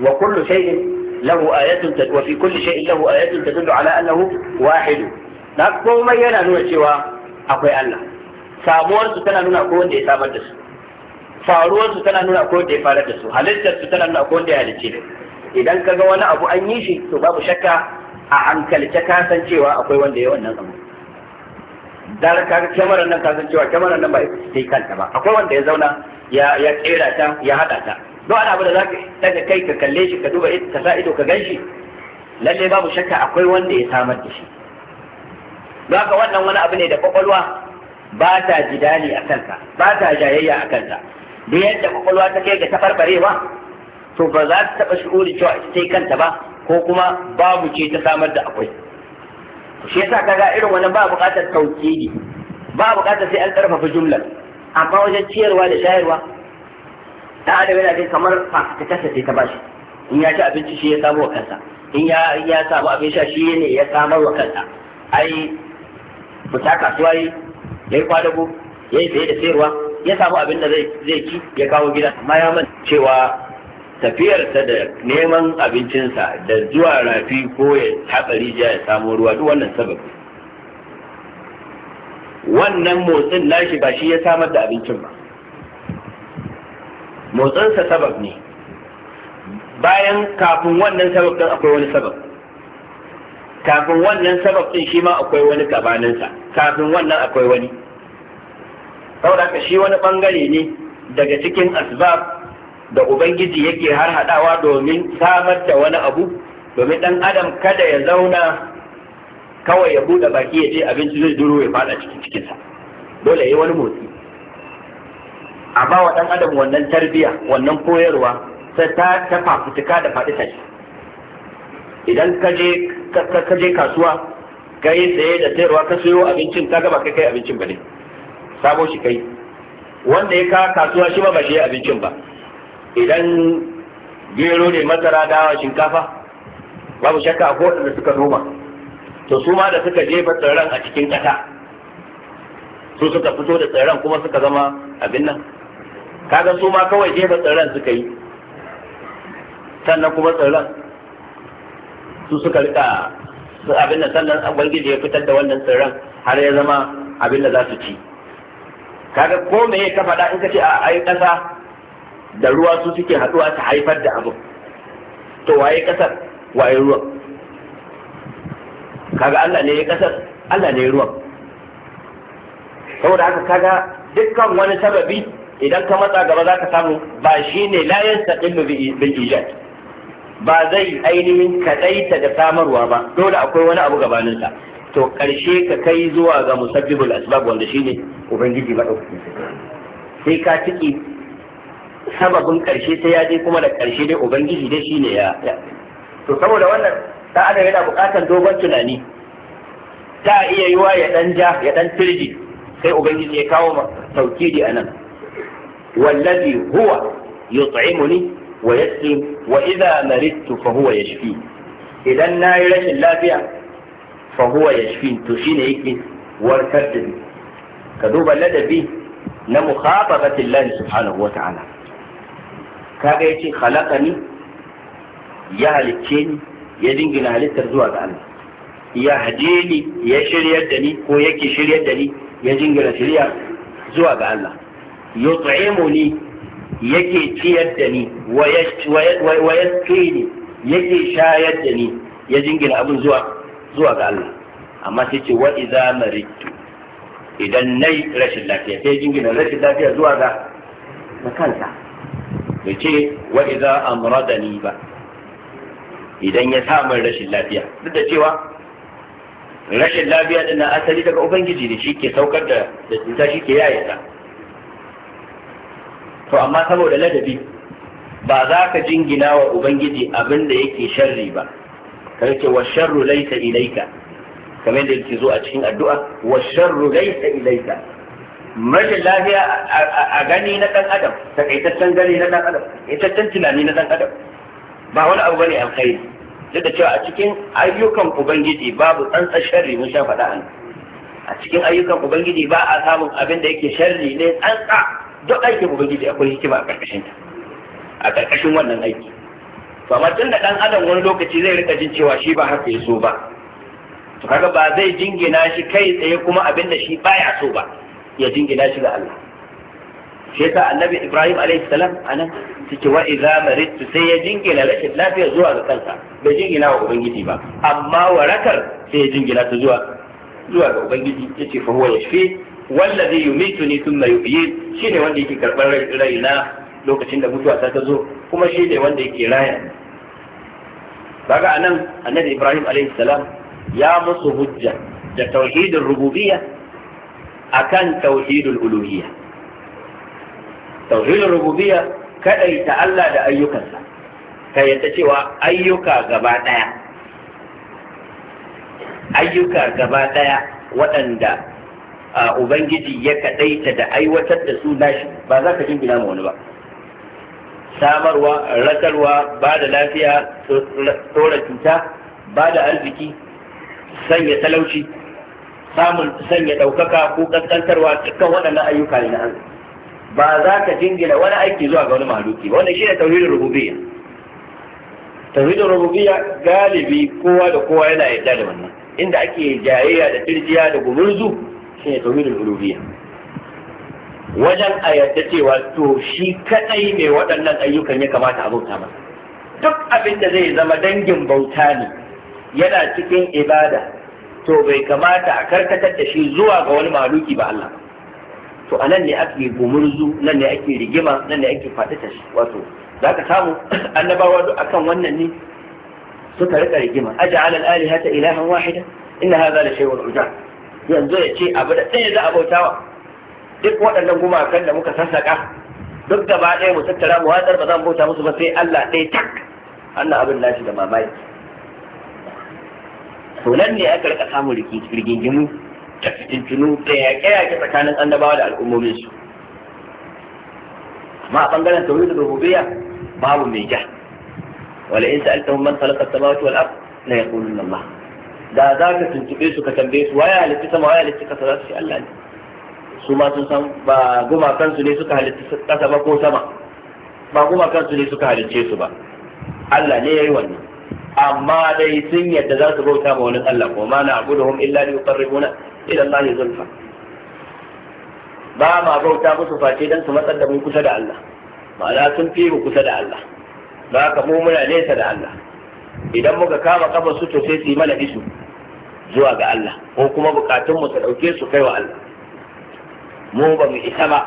wa kullu shay'in له آية وفي كل شيء له آية تدل على أنه واحد na ما yana nuna cewa akwai Allah samuwarsu tana nuna akwai wanda ya samar da su faruwarsu tana nuna akwai wanda ya farar da su halittarsu tana nuna akwai wanda ya halicce da idan ka ga wani abu an yi shi to babu shakka a cewa akwai wanda ya wannan dar ka ga nan ka san cewa kamar nan ba sai kanta ba akwai wanda ya zauna ya ya kera ta ya hada ta duk wani abu da ka daga kai ka kalle shi ka duba ka sa ido ka gan shi lalle babu shakka akwai wanda ya samar da shi don haka wannan wani abu ne da kwakwalwa ba ta jidali a kansa ba ta jayayya a kansa da yadda kwakwalwa ta kai ga tabarbarewa to ba za ta taɓa shi'uri cewa ita ta kanta ba ko kuma babu ce ta samar da akwai shi yasa ga irin wannan ba buƙatar tauƙidi ba buƙatar sai an ƙarfafa jumlar amma wajen ciyarwa da shayarwa da adam yana jin kamar fasikansa ce ta bashi in ya ci abinci shi ya samu wa kansa in ya ya samu abin sha shi ne ya samar wa kansa ai fita kasuwa yi yayi yi kwadago ya yi da sayarwa ya samu abin da zai ci ya kawo gida amma ya man cewa tafiyarsa da neman abincinsa da zuwa rafi ko ya taɓa rijiya ya samu ruwa duk wannan sababi wannan motsin nashi ba shi ya samar da abincin ba motsinsa sabab ne bayan kafin wannan sabab din akwai wani sabab kafin wannan sabab din shi ma akwai wani gabaninsa kafin wannan akwai wani saboda haka shi wani bangare ne daga cikin asbab da ubangiji yake har hadawa domin samar da wani abu domin dan adam kada ya zauna kawai ya bude baki ya ce abinci zai duro ya fada cikin cikinsa dole ya yi wani motsi a ba wa ɗan adam wannan tarbiya wannan koyarwa ta ta fafutuka da faɗi tashi idan ka je kasuwa ka yi tsaye da sayarwa ka sayo abincin ka gaba kai kai abincin ba ne sabo shi kai wanda ya ka kasuwa shi ba ba shi abincin ba idan gero ne masara dawa shinkafa babu shakka ko da suka noma to su ma da suka jefa tsirran a cikin ƙasa su suka fito da tsirran kuma suka zama abin nan kaga su ma kawai jefa tsirran suka yi sannan kuma tsirran su suka rika abin da sannan ubangiji ya fitar da wannan tsirran har ya zama abin da za su ci kaga ko me ka faɗa in ka ce a ai ƙasa da ruwa su suke haɗuwa ta haifar da abu to waye ƙasar waye ruwan kaga Allah ne ya ƙasar Allah ne ya ruwan saboda haka kaga dukkan wani sababi idan ka matsa gaba za ka samu ba shi ne layan saɗin bin ijad ba zai ainihin kaɗaita da samarwa ba dole akwai wani abu gabaninsa to ƙarshe ka kai zuwa ga musabbibul asbab wanda shi ne ubangiji madaukakin sai ka ciki sababin ƙarshe sai ya je kuma da ƙarshe dai ubangiji dai shi ne ya to saboda wannan ta adam yana buƙatar dogon tunani ta iya yiwa ya ɗan ja ya ɗan tirji sai ubangiji ya kawo sauki a nan wallazi huwa yut'imuni wa yasqi wa idza maridtu fa huwa yashfi idan na yi rashin lafiya fa huwa yashfi to shine yake warkar da ni ka duba ladabi na mukhatabati Allah subhanahu wa ta'ala kaga yace khalaqani ya halicce ni ya dingina halittar zuwa ga Allah ya ni ya da ni ko yake shiryar da ni ya jingina shirya zuwa ga Allah yut'imuni yake ciyar da ni wa yasqini yake shayar da ni ya jingina abin zuwa zuwa ga Allah amma sai ce wa idza maridtu idan nai rashin lafiya sai jingina rashin lafiya zuwa ga na kansa bai ce wa idza amradani ba idan ya samu rashin lafiya duk da cewa rashin lafiya din na asali daga ubangiji ne shi ke saukar da da cuta shi ke yayata. to amma saboda ladabi ba za ka jingina wa ubangiji abin da yake sharri ba kai ce wa sharru laysa ilayka kamar da yake zo a cikin addu'a wa sharru laysa ilayka rashin lafiya a gani na dan adam takaitaccen gani na dan adam takaitaccen tunani na dan adam ba wani abu bane alkhairi duk da cewa a cikin ayyukan ubangiji babu tsantsar sharri mun sha faɗa a cikin ayyukan ubangiji ba a samun abin da yake sharri ne tsantsa duk aikin ubangiji akwai hikima a karkashin ta a karkashin wannan aiki to amma tun da dan adam wani lokaci zai rika jin cewa shi ba haka ya so ba to kaga ba zai jingina shi kai tsaye kuma abin da shi baya so ba ya jingina shi ga Allah shi yasa annabi Ibrahim alayhi salam anan take wa idza maridtu sai ya jingina rashin lafiya zuwa ga kansa bai jingina wa ubangiji ba amma warakar sai ya jingina ta zuwa zuwa ga ubangiji yace fa huwa yashfi wallazi yumituni thumma yuhyin shine wanda yake rai na lokacin da mutuwa ta zo kuma shine wanda yake raya kaga anan annabi Ibrahim alaihi salam ya musu hujja da tauhidin rububiyya akan tauhidul uluhiyya tauhidul rububiyya ta Allah da ayyukansa ka yadda cewa ayyuka gaba daya ayyuka gaba daya waɗanda ubangiji ya kadaita da aiwatar da su nashi ba za ka jingina ma wani ba samarwa rasarwa ba da lafiya tsoron cuta ba da arziki sanya talauci samun sanya ɗaukaka ko ƙasƙantarwa dukkan waɗannan ayyuka ne na Allah ba za ka jingina wani aiki zuwa ga wani mahaluki ba wannan ne tauhidin rububiya tauhidin rububiya galibi kowa da kowa yana yarda da wannan inda ake jayayya da tirjiya da gumurzu shine tauhidul uluhiyya wajen a cewa to shi kadai mai waɗannan ayyukan ya kamata a bauta masa duk abin da zai zama dangin bauta ne yana cikin ibada to bai kamata a karkatar da shi zuwa ga wani maluki ba Allah to nan ne ake gumurzu nan ne ake rigima nan ne ake faɗi wato za ka samu annabawa duk akan wannan ne suka rika rigima aj'al al-alihata ilahan wahida inna hadha la shay'un ujab yanzu ya ce abu da ɗaya za a bautawa duk waɗannan gumakan da muka sassaƙa duk gaba ɗaya mu tattara mu watsar ba zan bauta musu ba sai Allah ɗaya tak annan abin nashi da mamaki to nan ne aka rika samun rigingimu da fitintunu da yaƙe-yaƙe tsakanin annabawa da su? amma a ɓangaren da rububiyya babu mai ja wala in sa'altahum man khalaqa as-samawati wal ard la yaquluna Allah da za ka tuntube su ka tambaye su waye halitta sama waye halitta kasa za su ce Allah ne su ma sun san ba kansu ne suka halitta kasa ba ko sama ba kansu ne suka halicce su ba Allah ne ya yi wannan amma dai sun yadda za su bauta ma wani Allah ko ma na abuduhum illa li yuqarribuna ila Allah zulfa ba ma bauta musu face dan su matsar da mu kusa da Allah ma'ana sun fi mu kusa da Allah ba ka mu muna nesa da Allah idan muka kama kafa su to sai su yi mana isu zuwa ga Allah ko kuma bukatun mu su dauke su kai wa Allah mu ba mu isa ba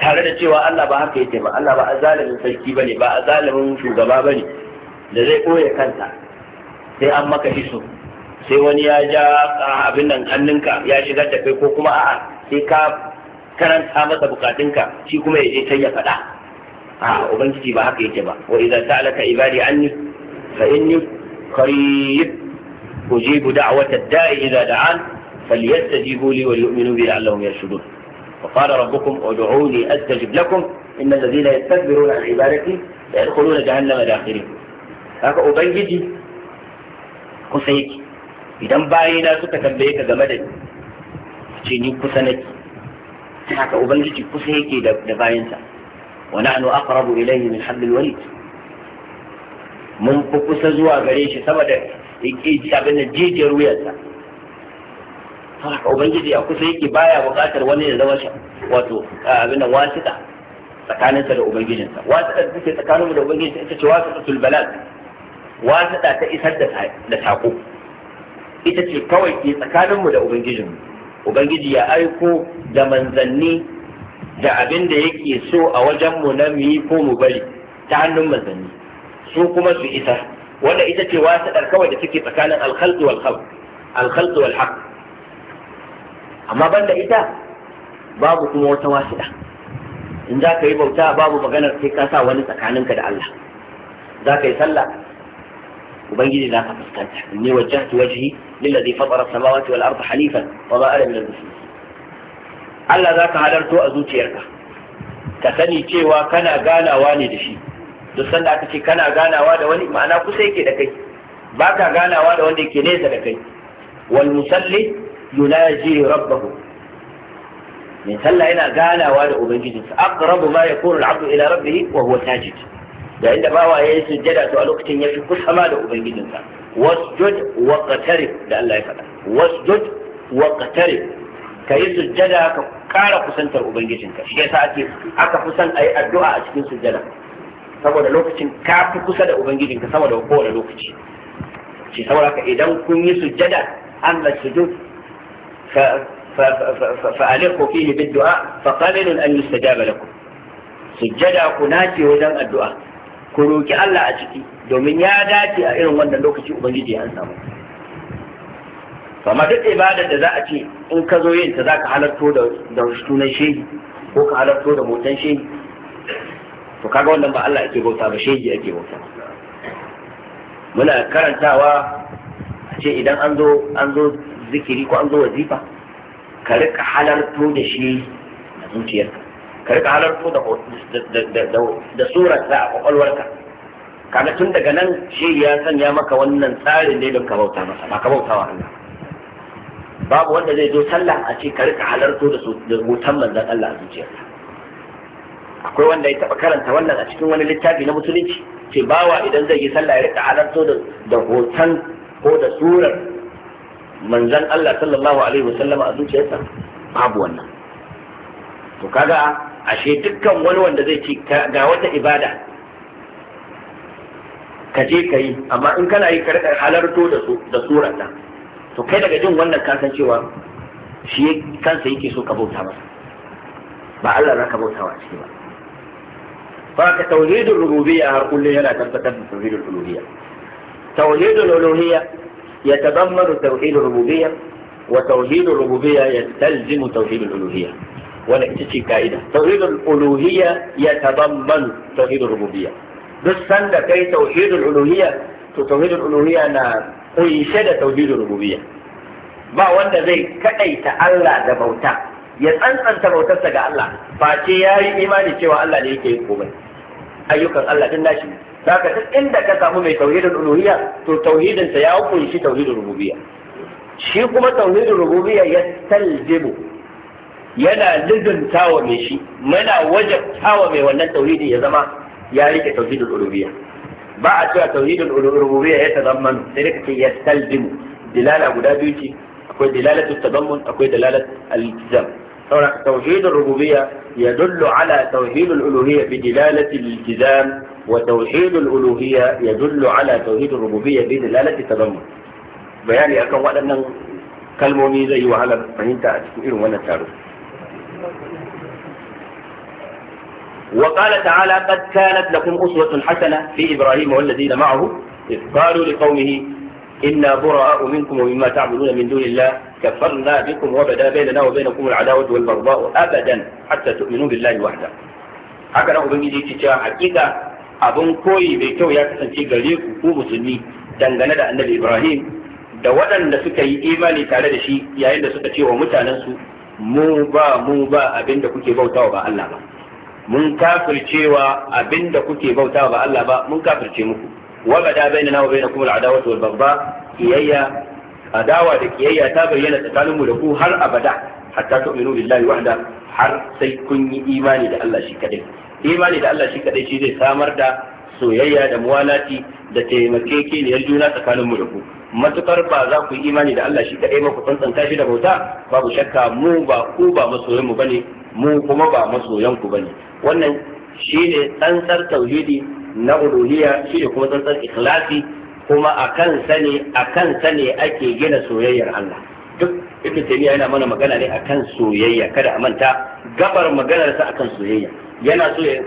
tare da cewa Allah ba haka yake ba Allah ba azalimin sarki bane ba azalimin shugaba bane da zai koye kanta sai an maka hisu. sai wani ya ja abin nan hannunka ya shigar da kai ko kuma a'a sai ka karanta masa bukatunka shi kuma ya je can ya faɗa a ubangiji ba haka yake ba wa idza ta'alaka ibadi anni fa inni qarib أجيب دعوة الداء إذا دعان فليستجيبوا لي وليؤمنوا بي لعلهم يرشدون وقال ربكم ادعوني أستجب لكم إن الذين يستكبرون عن عبادتي سيدخلون جهنم داخلين هكا أبيدي قسيك إذا باينا ستكبئك جمدك تجيني قسنك هكا أبيدي قسيك إذا باينتا ونحن أقرب إليه من حبل الوليد من قسزوا غريش سبدك ya ke ji abin da jijiyar wuyarsa haka ubangiji a kusa yake baya buƙatar wani ya zama wato abin da wasiƙa tsakaninsa da ubangijinsa wasiƙa da take tsakaninmu da Ubangijinsa ita ce wasiƙa tulbalal wasiƙa ta isar da saƙo ita ce kawai ke tsakaninmu da ubangijinmu ubangiji ya aiko da manzanni da abin da yake so a wajenmu na mu yi ko mu bari ta hannun manzanni su kuma su isa wanda ita ce wasaɗar kawai da take tsakanin alkhalqi wal khalq alkhalqi wal haqq amma banda ita babu kuma wata wasiɗa in za ka yi bauta babu maganar sai ka sa wani tsakaninka da Allah za ka yi sallah ubangiji za ka fuskanta inni wajjahtu wajhi lillazi fatara samawati wal arda halifan wa ma ana minal muslimin Allah za ka halarto a zuciyarka ka sani cewa kana ganawa ne da shi duk sanda aka ce kana ganawa da wani ma'ana kusa yake da kai ba ka ganawa da wanda yake nesa da kai wal musalli yunaji rabbahu mai sallah yana ganawa da ubangijinsa aqrabu ma yakunu al-'abdu ila rabbih wa huwa sajid da inda bawa ya yi sujjada to a lokacin ya fi kusa ma da ubangijinsa wasjud wa qatarib da Allah ya faɗa wasjud wa qatarib kai yi sujjada ka ƙara kusantar ubangijinka shi yasa ake aka fi son ayi addu'a a cikin sujjada saboda lokacin ka fi kusa da ubangijinka sama da kowane lokaci shi saboda ka idan kun yi sujjada an da sujud فألقوا فيه ku? Sujjada ku na لكم wajen addu'a? Ku roki Allah a ciki domin ya dace a irin wannan lokaci ubangiji ya samu kamar duk ibadar da za a ce in ka zo yin ta za ka halarto da sunan shehi ko ka halarto da motan shehi to kaga wannan ba Allah ake bauta ba shege ake bauta muna karantawa a ce idan an zo an zo zikiri ko an zo wazifa ka rika halarto da shi a zuciyarka ka rika halarto da da surarsa a kwakwalwarka kaga tun daga nan shi ya sanya maka wannan tsarin ne don ka bauta masa ba ka bauta wa Allah babu wanda zai zo sallah a ce ka rika halarto da wutan manzon Allah a zuciyarka akwai wanda ya taba karanta wannan a cikin wani littafi na musulunci ce bawa idan zai yi sallah ya rika alarto da hoton ko da surar manzon Allah sallallahu alaihi wasallam a zuciyarsa babu wannan to kaga ashe dukkan wani wanda zai ci ga wata ibada ka je ka yi amma in kana yi ka rika halarto da su da surarta to kai daga jin wannan ka san cewa shi kansa yake so ka bauta masa ba Allah za ka bauta wa ciki ba فهك توليد الربوبية هقول لي هنا تستكد توليد الألوهية توليد الألوهية يتضمن توحيد الربوبية وتوحيد الربوبية يستلزم توحيد الألوهية ونأتيش قاعده توحيد الألوهية يتضمن توحيد الربوبية بس عند كاي توحيد الألوهية توحيد الألوهية أنا قيشد توحيد الربوبية ما wanda زي kadaita الله da bauta ya tsantsanta bautarsa ga Allah ba ya yi imani cewa Allah ne yake yin komai ayyukan Allah din nashi saka duk inda ka samu mai tauhidin uluhiyya to tauhidin sa ya kunshi tauhidin rububiyya shi kuma tauhidin rububiyya ya taljibu yana lizuntawa mai shi mana wajabtawa mai wannan tauhidin ya zama ya rike tauhidin uluhiyya ba a cewa tauhidin rububiyya ya tazammanu sai da kace ya taljibu dilala guda biyu ce akwai dilalatu tadammun akwai dilalatu al-ilzam توحيد الربوبية يدل على توحيد الألوهية بدلالة الالتزام وتوحيد الألوهية يدل على توحيد الربوبية بدلالة التضمن بياني أكون وأن كلموني زي وعلى فهمت أتكوئر وأنا تعرف وقال تعالى قد كانت لكم أسوة حسنة في إبراهيم والذين معه إذ قالوا لقومه إنا براء منكم ومما تعبدون من دون الله كفرنا بكم وبدا بيننا وبينكم العداوة والبغضاء أبدا حتى تؤمنوا بالله وحده haka nan ubangiji yake cewa hakika abin koyi mai kyau ya kasance gare ku ku musulmi dangane da annabi Ibrahim da waɗanda suka yi imani tare da shi yayin da suka ce wa mutanensu mu ba mu ba abinda kuke bautawa ba Allah ba mun kafircewa abinda kuke bautawa ba Allah ba mun kafirce muku wa bada bainana wa bainakum al-adawatu wal baghdha iyayya adawa da kiyayya ta bayyana tsakanin mu da ku har abada hatta tu'minu billahi wahda har sai kun yi imani da Allah shi kadai imani da Allah shi kadai shi zai samar da soyayya da muwalati da taimakekeniyar juna tsakanin mu da ku matukar ba za ku yi imani da Allah shi kadai ba ku tsantsanta shi da bauta babu shakka mu ba ku ba masoyan mu bane mu kuma ba masoyan ku bane wannan shine tsantsar tauhidi na uluhiyya shine kuma tsantsar ikhlasi kuma a kan sani a kan sani ake gina soyayyar Allah duk ibnu taymiya yana mana magana ne akan soyayya kada a manta gabar maganarsa akan soyayya yana so ya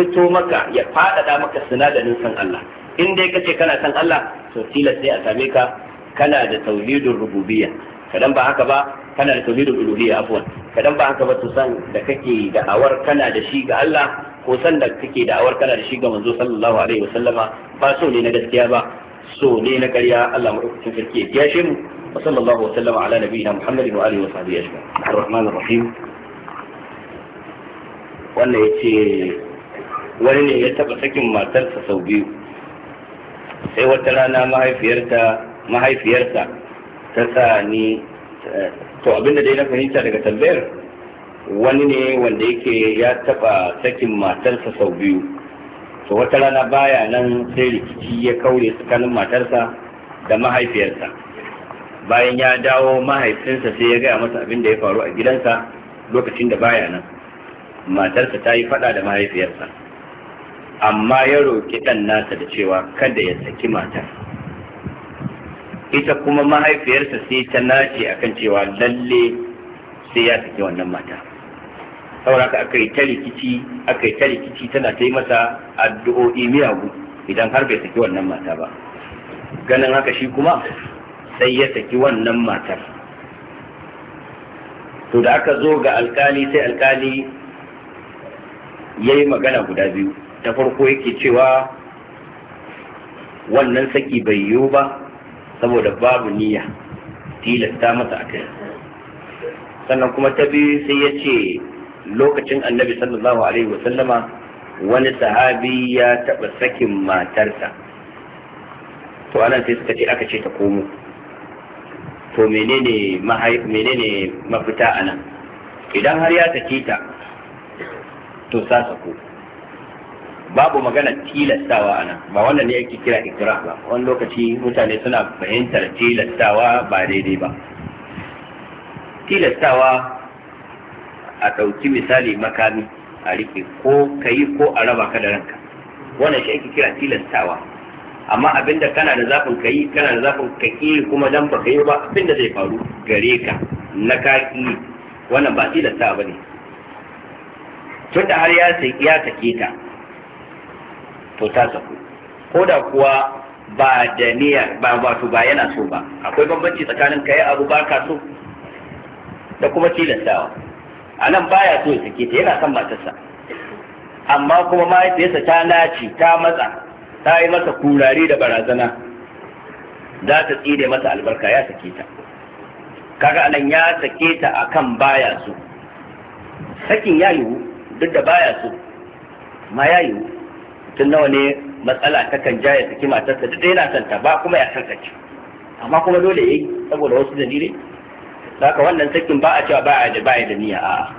fito maka ya faɗaɗa maka sinadarin san Allah in dai kace kana san Allah to tilas sai a same ka kana da tauhidul rububiyya kadan ba haka ba kana da tauhidul uluhiyya afwan kadan ba haka ba to san da kake da awar kana da shi ga Allah ko san da kake da awar kana da shi ga manzo sallallahu alaihi wasallama ba so ne na gaskiya ba so ne na ƙarya Allah madaukakin sarki ya kiyashe mu wa sallallahu wa sallama ala nabiyina Muhammadin wa alihi wa sahbihi ajma'in arrahmanir rahim wannan yace wani ne ya taba sakin matarsa sau biyu sai wata rana mahaifiyarta mahaifiyarsa ta sa ni to abinda dai na fahimta daga tambayar wani ne wanda yake ya taba sakin matarsa sau biyu to wata rana baya nan sai rikici ya kaure tsakanin matarsa da mahaifiyarsa bayan ya dawo mahaifinsa sai ya gaya masa abin da ya faru a gidansa lokacin da baya nan matarsa ta yi fada da mahaifiyarsa amma ya roƙi ɗan nasa da cewa kada ya saki matar ita kuma mahaifiyarsa sai ta nace akan cewa lalle sai ya saki wannan mata sauraka aka yi ta rikici aka yi ta rikici tana ta yi masa addu'o'i miyagu idan har bai saki wannan mata ba ganin haka shi kuma sai ya saki wannan matar to da aka zo ga alkali sai alkali ya yi magana guda biyu ta farko yake cewa wannan saki bai yiwu ba saboda babu niyya tilasta masa a kai sannan kuma ta biyu sai ya ce lokacin annabi sallallahu alaihi wa sallama, wani sahabi ya taɓa sakin matarsa to anan sai suka ce aka ce ta komo to menene menene mafita anan idan har ya sake ta to sa ko. babu magana tilastawa anan ba wannan ne yake kira ikra ba wani lokaci mutane suna fahimtar tilastawa ba daidai ba tilastawa a ɗauki misali makami a rike ko ka yi ko a raba ka da ranka wannan shi ake kira tilastawa amma abinda kana da zafin ka yi kana da zafin ka ki kuma dan baka yi ba abinda zai faru gare ka na ka ki wannan ba tilastawa bane tunda har ya ya take ta to ta saku ko da kuwa ba da niyya ba wato ba yana so ba akwai bambanci tsakanin kai abu ba ka so da kuma tilastawa a nan baya so ya sake ta yana son matarsa amma kuma mahaifiyarsa ta naci ta matsa ta yi masa kurare da barazana za ta tsire masa albarka ya sake ta kaga anan ya sake ta akan baya so sakin ya yiwu duk da baya so ma ya yiwu tun nawa ne matsala ta kan jaya saki matarsa duk da yana son ta ba kuma ya san ta amma kuma dole yayi saboda wasu dalilai haka wannan sakin ba a cewa ba da ba da niyya a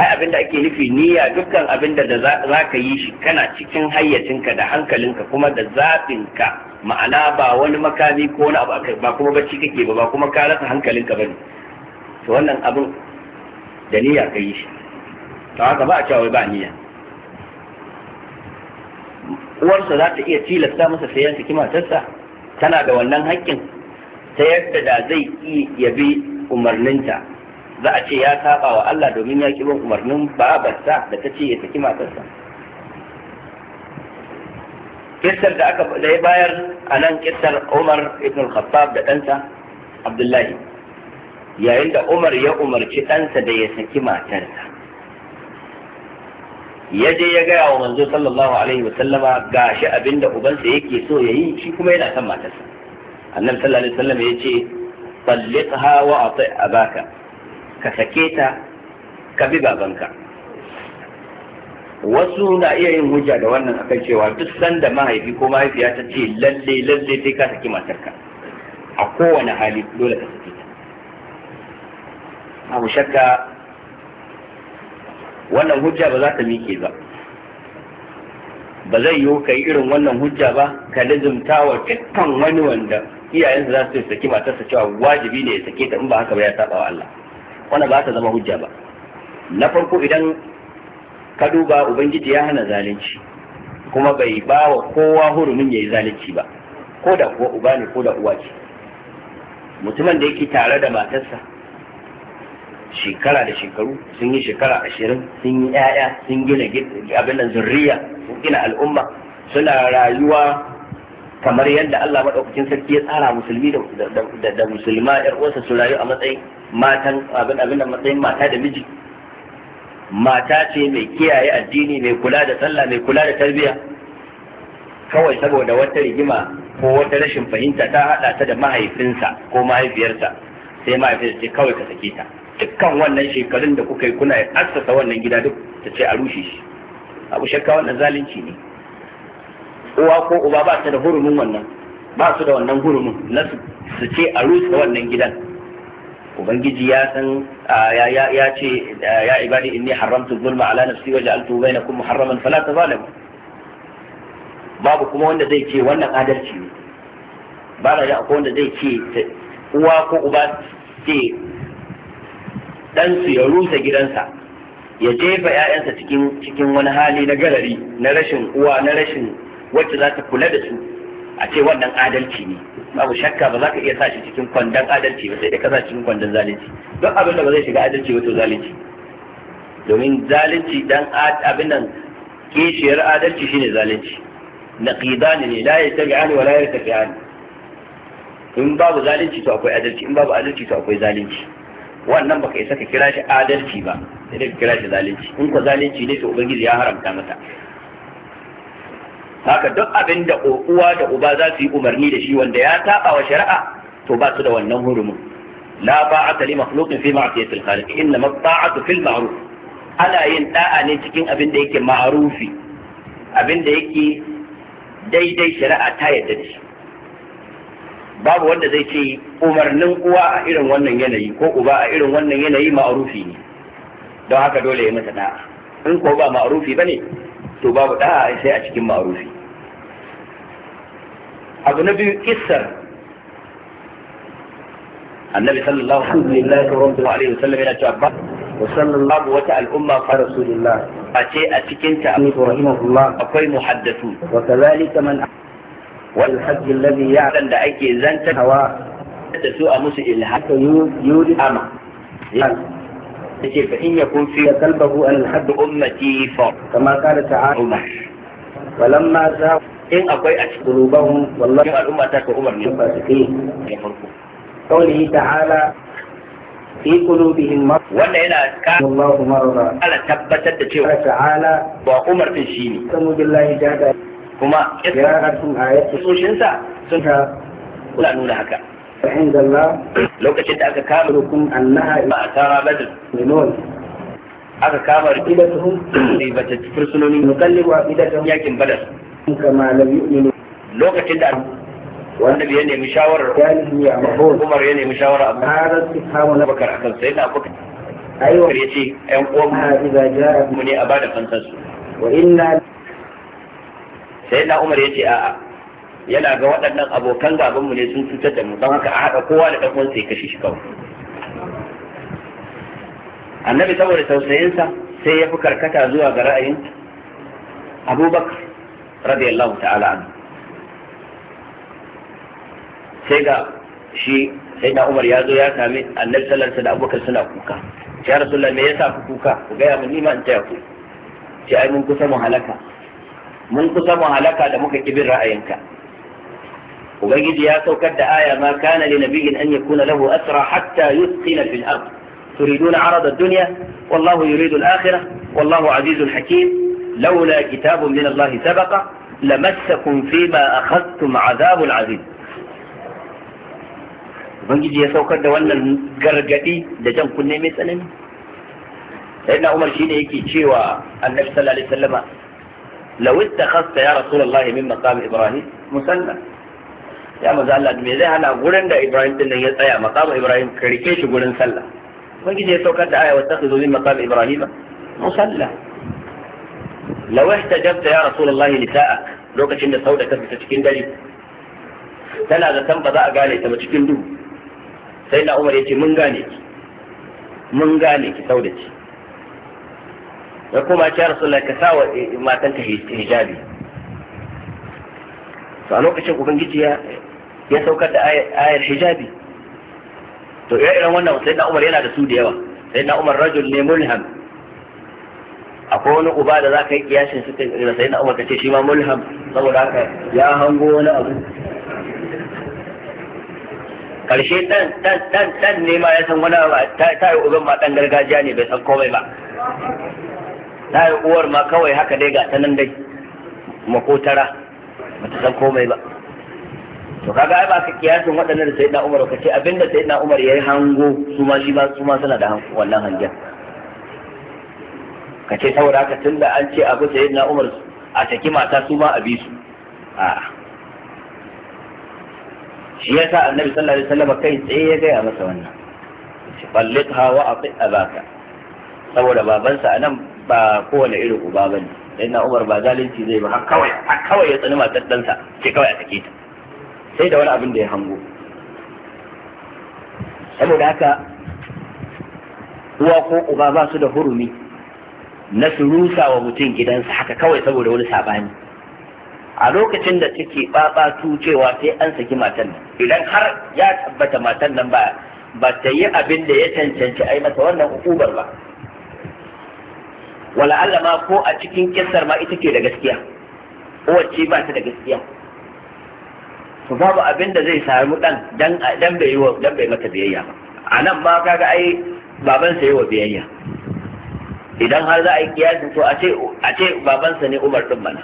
ai abin da ake nufi niyya dukkan abin da za ka yi shi kana cikin hayyacinka da hankalinka kuma da zaɓinka ma'ana ba wani makami ko wani abu ba kuma bacci kake ba ba kuma ka rasa hankalinka ba ne to wannan abin da niyya ka yi shi to haka ba a cewa wai ba niyya uwarsa za ta iya tilasta masa sayan saki matarsa tana da wannan haƙƙin ta yadda da zai iya bi umarninta za a ce ya saba wa Allah domin ya ki umarnin babarsa da ta ce ya saki matarsa kistar da aka da ya bayar a nan kistar Umar ibn Khattab da ɗansa Abdullahi yayin da Umar ya umarci ɗansa da ya saki matarsa ya je ya gaya wa manzo sallallahu alaihi wa sallama gashi abinda ubansa yake so yayi shi kuma yana son matarsa annabi sallallahu alaihi wasallam ya ce طلقها sake ta, كسكيتا bi babanka. wasu na iya yin hujja da wannan akan cewa duk sanda mahaifi ko mahaifiya ta ce lalle lalle sai ka saki matarka a kowane hali dole ka saki ta abu shakka wannan hujja ba za ta miƙe ba ba zai yiwu ka yi irin wannan hujja ba ka lizimta wa dukkan wani wanda iyayensa za su saki matarsa cewa wajibi ne ya sake ta in ba haka ba ya saba wa Allah wannan ba ta zama hujja ba na farko idan ka duba ubangiji ya hana zalunci kuma bai ba wa kowa hurumin ya yi zalunci ba ko da kuwa uba ne ko da uwa ce mutumin da yake tare da matarsa shekara da shekaru sun yi shekara ashirin sun yi 'ya'ya sun gina abin zurriya sun gina al'umma suna rayuwa kamar yadda Allah maɗaukakin sarki ya tsara musulmi da musulma yar uwarsa su rayu a matsayin matan abin abin da matsayin mata da miji mata ce mai kiyaye addini mai kula da sallah mai kula da tarbiyya kawai saboda wata rigima ko wata rashin fahimta ta hada ta da mahaifinsa ko mahaifiyarsa sai mahaifinsa ce kawai ka sake ta dukkan wannan shekarun da kuka yi kuna assasa wannan gida duk ta ce a rushe shi abu shakka wannan zalunci ne uwa ko uba ba ta da hurumin wannan ba su da wannan hurumin na su ce a rusa wannan gidan ubangiji ya san ya ce ya ibadi inni haramtu zulma ala nafsi wa ja'altu bainakum muharraman fala tazalimu babu kuma wanda zai ce wannan adalci ne ba da akwai wanda zai ce uwa ko uba ce ɗansu ya rusa gidansa ya jefa ‘ya'yansa cikin wani hali na galari na rashin uwa na rashin wacce za ta kula da su a ce wannan adalci ne babu shakka ba za ka iya sa shi cikin kwandon adalci ba sai dai ka sa cikin kwandon zalunci don abin da ba zai shiga adalci ba zalunci domin zalunci dan abin nan kishiyar adalci shine zalunci naqidani ne la yattabi'ani wa la yartafi'ani in babu zalunci to akwai adalci in babu adalci to akwai zalunci wannan baka isa ka kira shi adalci ba sai dai ka kira shi zalunci in ko zalunci ne to ubangiji ya haramta mata haka duk abin da uwa da uba za su yi umarni da shi wanda ya saba wa shari'a to ba su da wannan hurumin la ba'ata li makhluqin fi ma'siyati al-khaliq inna ta'atu fil ma'ruf ana yin da'a ne cikin abin da yake ma'rufi abin da yake daidai shari'a ta yadda da shi babu wanda zai ce umarnin uwa a irin wannan yanayi ko uba a irin wannan yanayi ma'rufi ne don haka dole ya mata da'a in ko ba ma'rufi bane to babu da'a sai a cikin ma'rufi أبو نبي كسر النبي صلى الله عليه وسلم الله ورحمه عليه وسلم إلى جابة وصلى الله وتعالى الأمة رسول الله أتي أتكين تأمي رحمه الله أقوي محدثون وكذلك من والحج الذي يعلم لأيك أنت تهوى تسوء مسئ الحج يولد أما فإن يكون في قلبه أن الحج أمتي فرق كما قال تعالى ولما زاف in akwai a cikin ruban wallahi al'umma ta ka ne ba su kai ne farko kawai ta'ala fi qulubihim ma wanda yana ka Allahu marra ala tabbatar da cewa ta'ala ba din shi ne kanu billahi jada kuma ya rasul ayatu soshin sa sun ta kula nuna haka عند الله لو كنت أكا كاملكم أنها أثار بدر منون أكا كامل إبتهم إبتت فرسنوني نقلب أبدتهم يكن بدر kama lam yu'minu lokacin da wanda ya nemi shawarar Umar ya nemi shawarar Abu Bakar akan sai da Abu Bakar ya ce ƴan uwan mu ne a bada fansan su wa inna sai da Umar yace ce a'a yana ga waɗannan abokan gaban mu ne sun cutar da mu don haka a haɗa kowa da ɗan uwansa ya kashe shi kawai annabi saboda tausayinsa sai ya fi karkata zuwa ga ra'ayin abubakar radiyallahu ta'ala anhu sai ga Umar ya zo ya sami annabi sallallahu da Abubakar suna kuka ya rasulullah me ku kuka ku ga mun nima in taya ku ce mun kusa mu da muka kibin ra'ayinka ubangiji ya saukar da aya ma kana na nabiyyin an yakuna lahu asra hatta yusqina fil ard turiduna arada ad-dunya wallahu yuridu al-akhirah wallahu azizun hakim لولا كتاب من الله سبق لمسكم فيما أخذتم عذاب عظيم ubangiji ya saukar da wannan gargadi da jan kunne mai tsanani sai na umar shine yake cewa annabi sallallahu alaihi wasallam law ittakhasta ya rasulullah min maqam ibrahim musalla ya manzo Allah me zai hana gurin da ibrahim din nan ya tsaya maqam ibrahim ka rike shi gurin sallah ubangiji ya saukar da aya wa takhudhu min maqam ibrahim musalla law ihtajabta ya rasulullahi nisa'ak lokacin da sauda ta fita cikin dare tana da san ba gane ta ba cikin duhu sai na umar yace mun gane ki mun gane ki ya kuma ce rasulullahi wa matanka hijabi to a lokacin ubangiji ya saukar da ayar hijabi to ya irin wannan sai na umar yana da su da yawa sai na umar rajul ne mulham akwai wani uba da za ka yi kiyashin suka da sayi na umar ka ce shi ma mulham saboda haka ya hango wani abu karshe dan dan dan dan ne ma ya san wani abu ta yi uban ma dan gargajiya ne bai san komai ba ta yi uwar ma kawai haka dai ga ta nan dai makotara ba ta san komai ba to kaga ai ba ka kiyasin waɗannan da na Umar ka ce abinda na Umar yayi hango su ma shi ba su ma suna da wannan hangen ka ce saboda haka tun da an ce abu sai na umar a saki mata su ma a bi su a shi ya sa annabi sallallahu alaihi wasallam kai tsaye ya gaya masa wannan shi ballit hawa a fi abaka saboda babansa anan ba kowane irin uba bane sai na umar ba zalunci zai ba kawai kawai ya tsani matar dansa sai kawai a sake ta sai da wani abin da ya hango saboda haka uwa ko uba ba su da hurumi na surusa wa mutum gidansa haka kawai saboda wani sabani a lokacin da take babatu cewa sai an saki matan nan idan har ya tabbata matan nan ba ba ta yi abin da ya cancanci ai mata wannan hukumar ba wala Allah ma ko a cikin kissar ma ita ke da gaskiya wacce ba ta da gaskiya to babu abin da zai samu dan dan bai yi dan bai mata biyayya ba anan ma kaga ai baban sa yi wa biyayya idan har za a yi kiyasin to a ce babansa ne umar din mana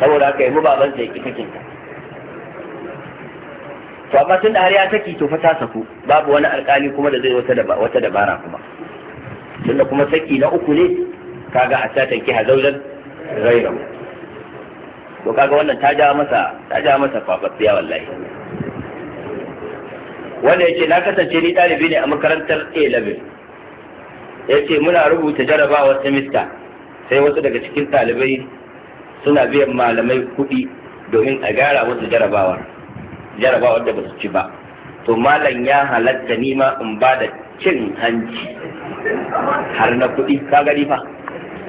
saboda haka yi mu babansa ya ki to amma tun da har ya saki to fa ta saku babu wani alkali kuma da zai wata dabara kuma tunda kuma saki na uku ne kaga a satan ki hazaulan gairamu to kaga wannan ta ja masa ta ja masa fafafiya wallahi wanda yake na kasance ni ɗalibi ne a makarantar A level ya ce muna rubuta jarabawar semista sai wasu daga cikin ɗalibai suna biyan malamai kuɗi domin a gyara wasu jarabawar jarabawar da ba su ci ba to malam ya halatta nima in ba da cin hanci har na kuɗi ka gani fa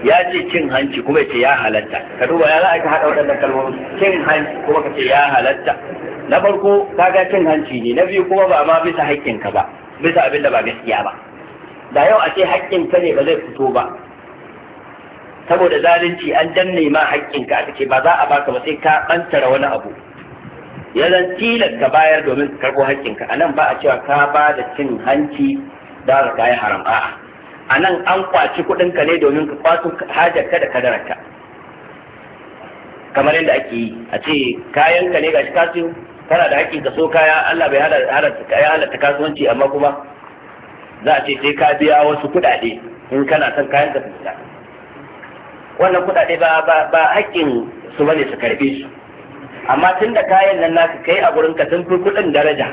ya ce cin hanci kuma ce ya halatta ka duba ya za ka haɗa waɗannan kalmomi cin hanci kuma ka ce ya halatta na farko ka ga cin hanci ne na biyu kuma ba ma bisa haƙƙinka ba bisa abin da ba gaskiya ba da yau a ce haƙƙinka ne ba zai fito ba saboda zalunci an danne ma haƙƙinka a ce ba za a baka ba sai ka ɓantara wani abu ya zan tilasta ka bayar domin ka karɓo haƙƙinka a nan ba a cewa ka ba da cin hanci da ka yi haram a'a a nan an kwaci kuɗinka ne domin ka kwato hajarka da kadararka kamar yadda ake yi a ce kayanka ne gashi kasuwa. kana da haƙƙin ka so kaya Allah bai halatta kasuwanci amma kuma za a ce sai ka biya wasu kuɗaɗe in kana son kayan da fita wannan kuɗaɗe ba ba haƙƙin su bane su karbe su amma tun da kayan nan naka kai a gurin ka sun fi kuɗin daraja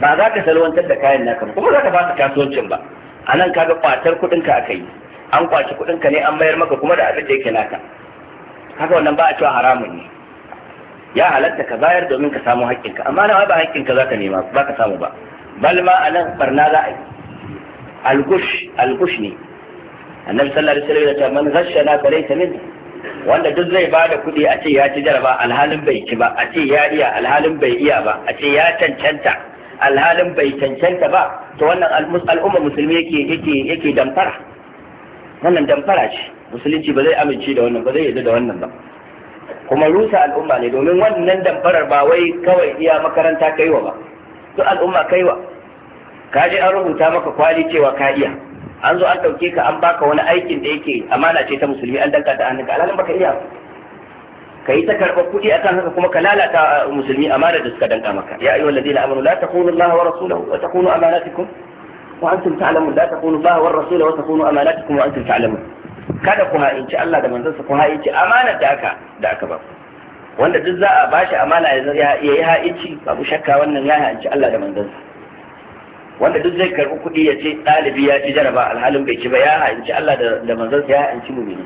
ba za ka salwantar da kayan naka kuma za ka fasa kasuwancin ba a nan kaga kwatar kuɗinka ka aka yi an kwaci kuɗinka ka ne an mayar maka kuma da abin da yake naka haka wannan ba a cewa haramun ne ya halatta ka bayar domin ka samu haƙƙinka amma na ba haƙƙinka za ka nema ba ka samu ba bal ma a nan barna za a yi algush algush ne annabi sallallahu alaihi wasallam ya ce man ghashana fa laysa minna wanda duk zai ba da kuɗi a ce ya ci jaraba alhalin bai ci ba a ce ya iya alhalin bai iya ba a ce ya cancanta alhalin bai cancanta ba to wannan al'umma musulmi yake yake yake damfara wannan damfara ce musulunci ba zai amince da wannan ba zai yarda da wannan ba kuma rusa al'umma ne domin wannan damfarar ba wai kawai iya makaranta kaiwa ba duk al'umma kaiwa ka je an rubuta maka kwali cewa ka iya an zo an ɗauke ka an baka wani aikin da yake amana ce ta musulmi an danka ta hannunka alhalin baka iya ka yi ta karɓar kuɗi akan haka kuma ka lalata musulmi amana da suka danka maka ya ayyuhal ladina amanu la takunu Allah wa rasulahu wa takunu amanatikum wa antum ta'lamun la takunu Allah wa rasulahu wa takunu amanatikum wa antum ta'lamun kada ku ha'inci Allah da manzansa ku ha'inci amanar da aka da aka ba ku wanda duk za a bashi amana ya yi ha'ici babu shakka wannan ya haici Allah da manzansa wanda duk zai karɓi kuɗi ya ce ɗalibi ya ci jaraba alhalin bai ci ba ya haici Allah da manzansa ya mu mumini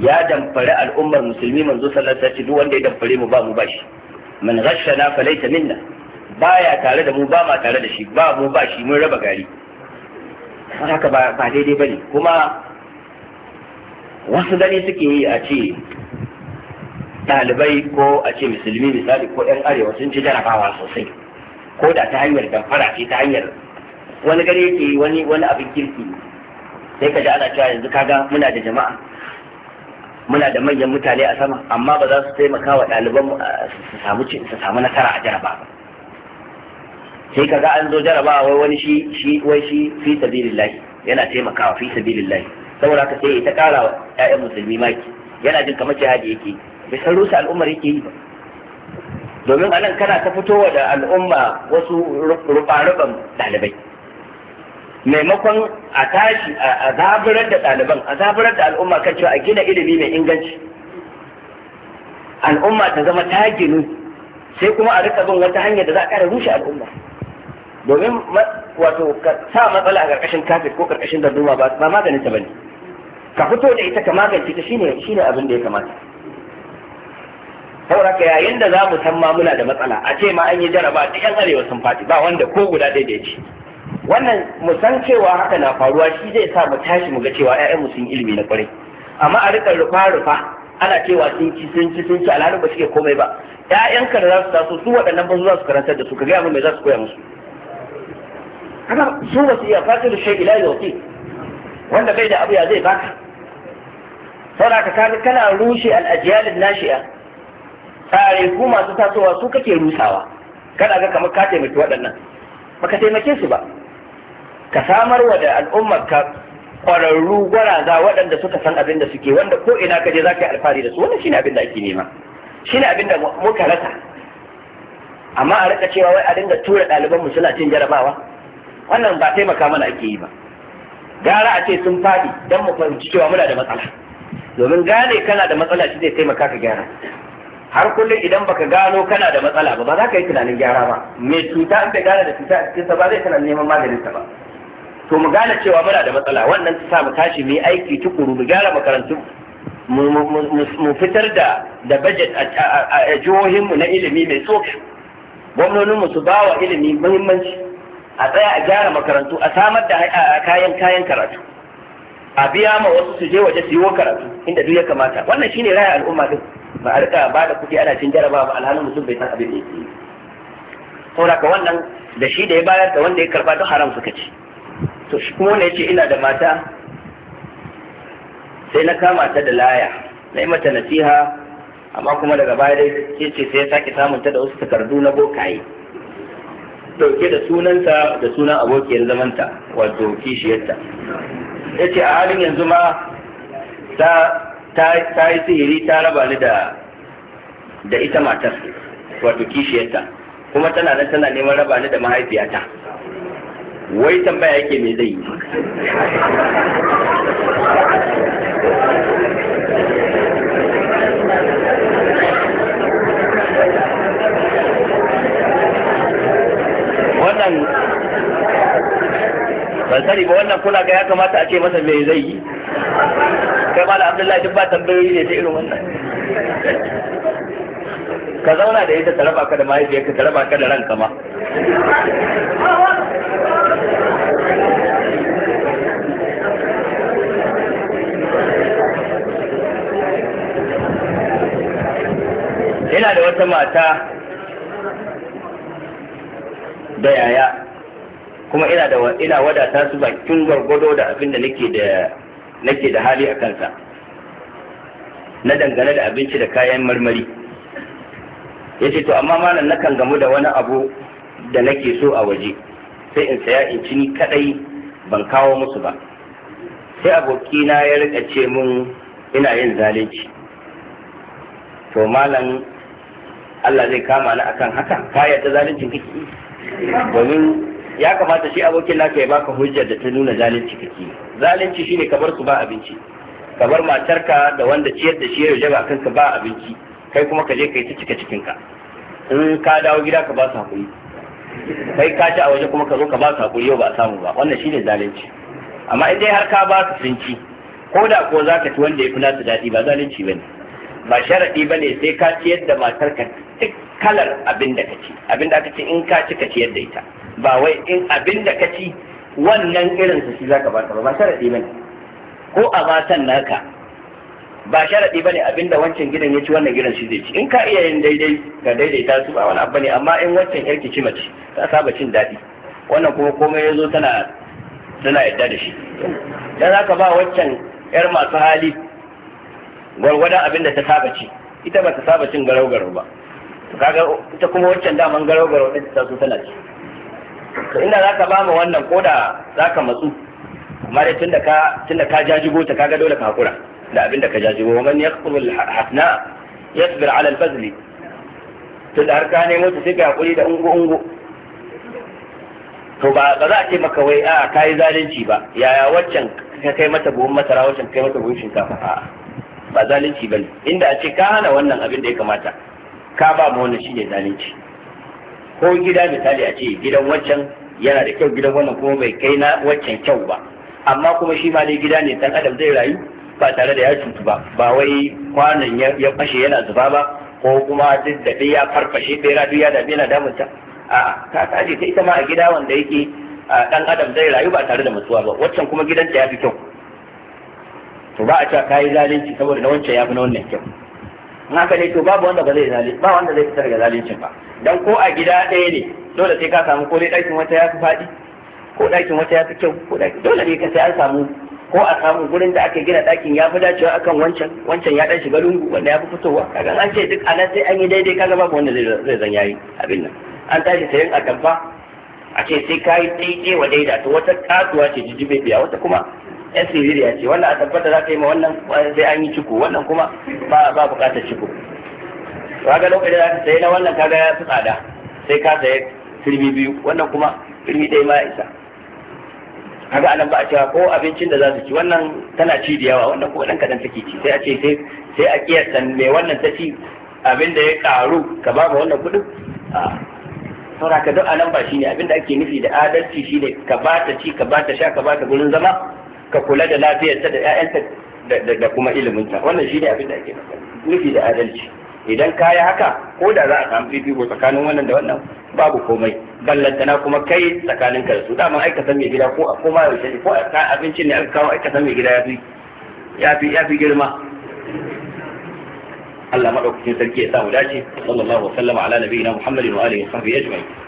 ya damfari al'ummar musulmi manzo sallallahu alaihi wasallam duk wanda ya damfare mu ba mu bashi man ghashana falaita minna baya tare da mu ba ma tare da shi ba mu bashi, mun raba gari haka ba daidai bane kuma wasu gani suke yi a ce ɗalibai ko a ce musulmi misali ko ƴan arewa sun ci jarabawa sosai ko da ta hanyar damfara ce ta hanyar wani gari yake wani wani abin kirki sai ka ji ana cewa yanzu kaga muna da jama'a muna da manyan mutane a sama amma ba za su taimaka wa ɗaliban su samu su samu nasara a jaraba ba sai kaga an zo jarabawa wai wani shi shi wai shi fi sabilillahi yana taimakawa fi sabilillahi saboda ka sai ta kara wa ƴaƴan musulmi maki yana jin kamar jihadi yake bai san rusa al'ummar yake yi ba domin anan kana ta fitowa da al'umma wasu rufa-rufan ɗalibai maimakon a tashi a zaburar da ɗaliban a zaburar da al'umma kan cewa a gina ilimi mai inganci al'umma ta zama ta ginu sai kuma a rika bin wata hanyar da za a kara rushe al'umma domin wato ka sa matsala a ƙarƙashin kafet ko ƙarƙashin darduma ba maganin ta bane ka fito da ita ka magance ta shine shine abin da ya kamata saboda haka yayin da za mu san ma muna da matsala a ce ma an yi jaraba duk yan arewa sun fati ba wanda ko guda daidai ce wannan mu san cewa haka na faruwa shi zai sa mu tashi mu ga cewa mu sun ilimi na ƙwarai. amma a rika rufa rufa ana cewa sun ci sun ci sun ci alhalin ba suke komai ba ka da za su taso su waɗannan ba za su karantar da su ka gaya mu me za su koya musu kana su ba su iya da shi ila yawti wanda bai da abu ya zai baka saboda ka kana rushe al-ajyal nashia tsare ku masu tasowa su kake rusawa kada ga kamar ka taimaki waɗannan baka taimake su ba ka samar wa da al'ummar ka kwararru gwaraza waɗanda suka san abin da suke wanda ko ina ka je za ka yi alfahari da su wannan shine abin da ake nema shine abin da muka rasa amma a rika cewa wai a dinga tura ɗaliban mu suna cin jarabawa wannan ba taimaka mana ake yi ba gara a ce sun faɗi don mu fahimci cewa muna da matsala domin gane kana da matsala shi zai taimaka ka gyara har kullum idan baka gano kana da matsala ba ba za ka yi tunanin gyara ba mai cuta in bai gane da cuta a cikinsa ba zai tana neman ta ba to mu gane cewa muna da matsala wannan ta sa mu tashi mu yi aiki tukuru mu gyara makarantu mu fitar da da budget a jihohinmu na ilimi mai tsoki mu su ba wa ilimi muhimmanci a tsaya a gyara makarantu a samar da kayan kayan karatu a biya ma wasu su je waje su yi karatu inda duk ya kamata wannan shine raya al'umma din ba a rika ba da kuɗi ana cin jaraba ba alhalin mutum bai san abin da yake saboda ka wannan da shi da ya bayar da wanda ya karba duk haram suka ci to shi kuma wanda yace ina da mata sai na kama ta da laya na yi mata nasiha amma kuma daga baya dai ce sai ya sake samun ta da wasu takardu na bokaye dauke da sunanta da sunan abokiyar zamanta wato kishiyarta Ya ce a halin yanzu ma ta ta yi sihiri ta raba ni da da ita matar wato kishiyarta kuma tana nan tana neman raba ni da mahaifiyata wai tambaya yake me zai yi wannan ban sani ba wannan kula ga ya kamata a ce masa me zai yi kai da abdullahi duk ba tambayoyi ne ta irin wannan ka zauna da ita ta raba ka da mahaifiyarka ta raba ka da ranka ma ina da wata mata da yaya kuma ina wadata su bakin gwargwado da abin da nake da nake da hali a kansa na dangane da abinci da kayan marmari ya ce to amma malam nakan gamu da wani abu da nake so a waje sai in saya in ci ni kadai ban kawo musu ba sai abokina ya rika ce mun ina yin zalunci to malam Allah zai kama ni akan haka ka yadda zalunci kake domin ya kamata shi abokin naka ya baka hujjar da ta nuna zalunci kake zalunci shine kabar su ba abinci kabar matarka da wanda ciyar da shi ya jaba kanka ba abinci kai kuma ka je kai ta cika cikinka in ka dawo gida ka ba su hakuri kai ka ci a waje kuma ka zo ka ba su hakuri yau ba samu ba wannan shine zalunci amma in dai har ka ba su sunci ko da ko za ka ci wanda ya fi nasu daɗi ba zalunci ba ne ba sharaɗi ba ne sai ka ciyar da matarka duk kalar abin da ka ci abin da aka ce in ka ci ka ciyar da ita ba wai in abin da ka ci wannan irin su shi zaka bata ba ba sharadi bane ko a matan naka ba sharadi bane abinda wancan gidan ya ci wannan gidan shi zai ci in ka iya yin daidai ga daidaita su ba wani abu bane amma in wancan yarki ci mace ta saba cin daɗi wannan kuma komai ya zo tana tana yadda da shi dan haka ba waccan yar masu hali gwargwadon abinda ta saba ci ita ba ta saba cin garau garau ba kaga ita kuma waccan daman garau garau din ta so tana ci to inda za ka ba mu wannan ko da za ka matsu amma dai tunda ka tunda ka jajigo ta kaga dole ka hakura da abin da ka jajigo wa man yaqulu al-hasna yasbir ala al tun da har ka nemo ta sai ka hakuri da ungu-ungu. to ba ba za a ce maka wai a kai zalunci ba yaya waccan ka kai mata buhun masara waccan kai mata buhun shinkafa a ba zalunci bane inda a ce ka hana wannan abin da ya kamata ka ba mu wannan shine zalunci ko gida misali a ce gidan waccan yana da kyau gidan wannan kuma bai kai na waccan kyau ba amma kuma shi ma dai gida ne dan adam zai rayu ba tare da ya cutu ba ba wai kwanan ya fashe yana zuba ba ko kuma duk da ya farfashe bera duk ya dame yana damunta a ka kaje ta ita ma a gida wanda yake dan adam zai rayu ba tare da mutuwa ba waccan kuma gidanta ya fi kyau to ba a ce kai zalunci saboda na wancan ya fi na wannan kyau in haka ne to babu wanda ba zai zalunci ba wanda zai fitar da zaluncin ba dan ko a gida ɗaya ne dole sai ka samu ko dai ɗakin wata ya fi faɗi ko ɗakin wata ya fi kyau ko ɗakin dole ne ka sai an samu ko a samu gurin da aka gina ɗakin ya fi dacewa akan wancan wancan ya ɗan shiga lungu wanda ya fi fitowa kaga an ce duk anan sai an yi daidai kaga babu wanda zai zan yayi abin nan an tashi sayan atamfa a ce sai ka yi daidai wa daida to wata katuwa ce jijibe biya wata kuma yan siririya ce wannan a tabbata za ta yi ma wannan sai an yi ciko wannan kuma ba ba buƙatar ciko ga lokacin da ka sayi na wannan kaga ya fi tsada sai ka sayi turmi biyu wannan kuma turmi ɗaya ma ya isa kaga anan ba a cewa ko abincin da za su ci wannan tana ci da yawa wannan kuma ɗan kaɗan take ci sai a ce sai sai a kiyasta mai wannan ta ci abin da ya karu ka ba mu wannan kuɗin saura ka duk anan ba shi ne abin da ake nufi da adalci shi ne ka ba ta ci ka ba ta sha ka ba ta gurin zama ka kula da lafiyarta da 'ya'yanta da kuma iliminta wannan shi ne abin da ake nufi da adalci idan ka yi haka ko da za a samu fifiko tsakanin wannan da wannan babu komai ballantana kuma kai tsakanin ka da su dama aika san mai gida ko a koma yaushe ne ko a abincin ne aka kawo aika san mai gida ya fi ya fi girma Allah madaukakin sarki ya samu dace sallallahu alaihi wa sallama ala nabiyina Muhammadin wa alihi wa sahbihi ajma'in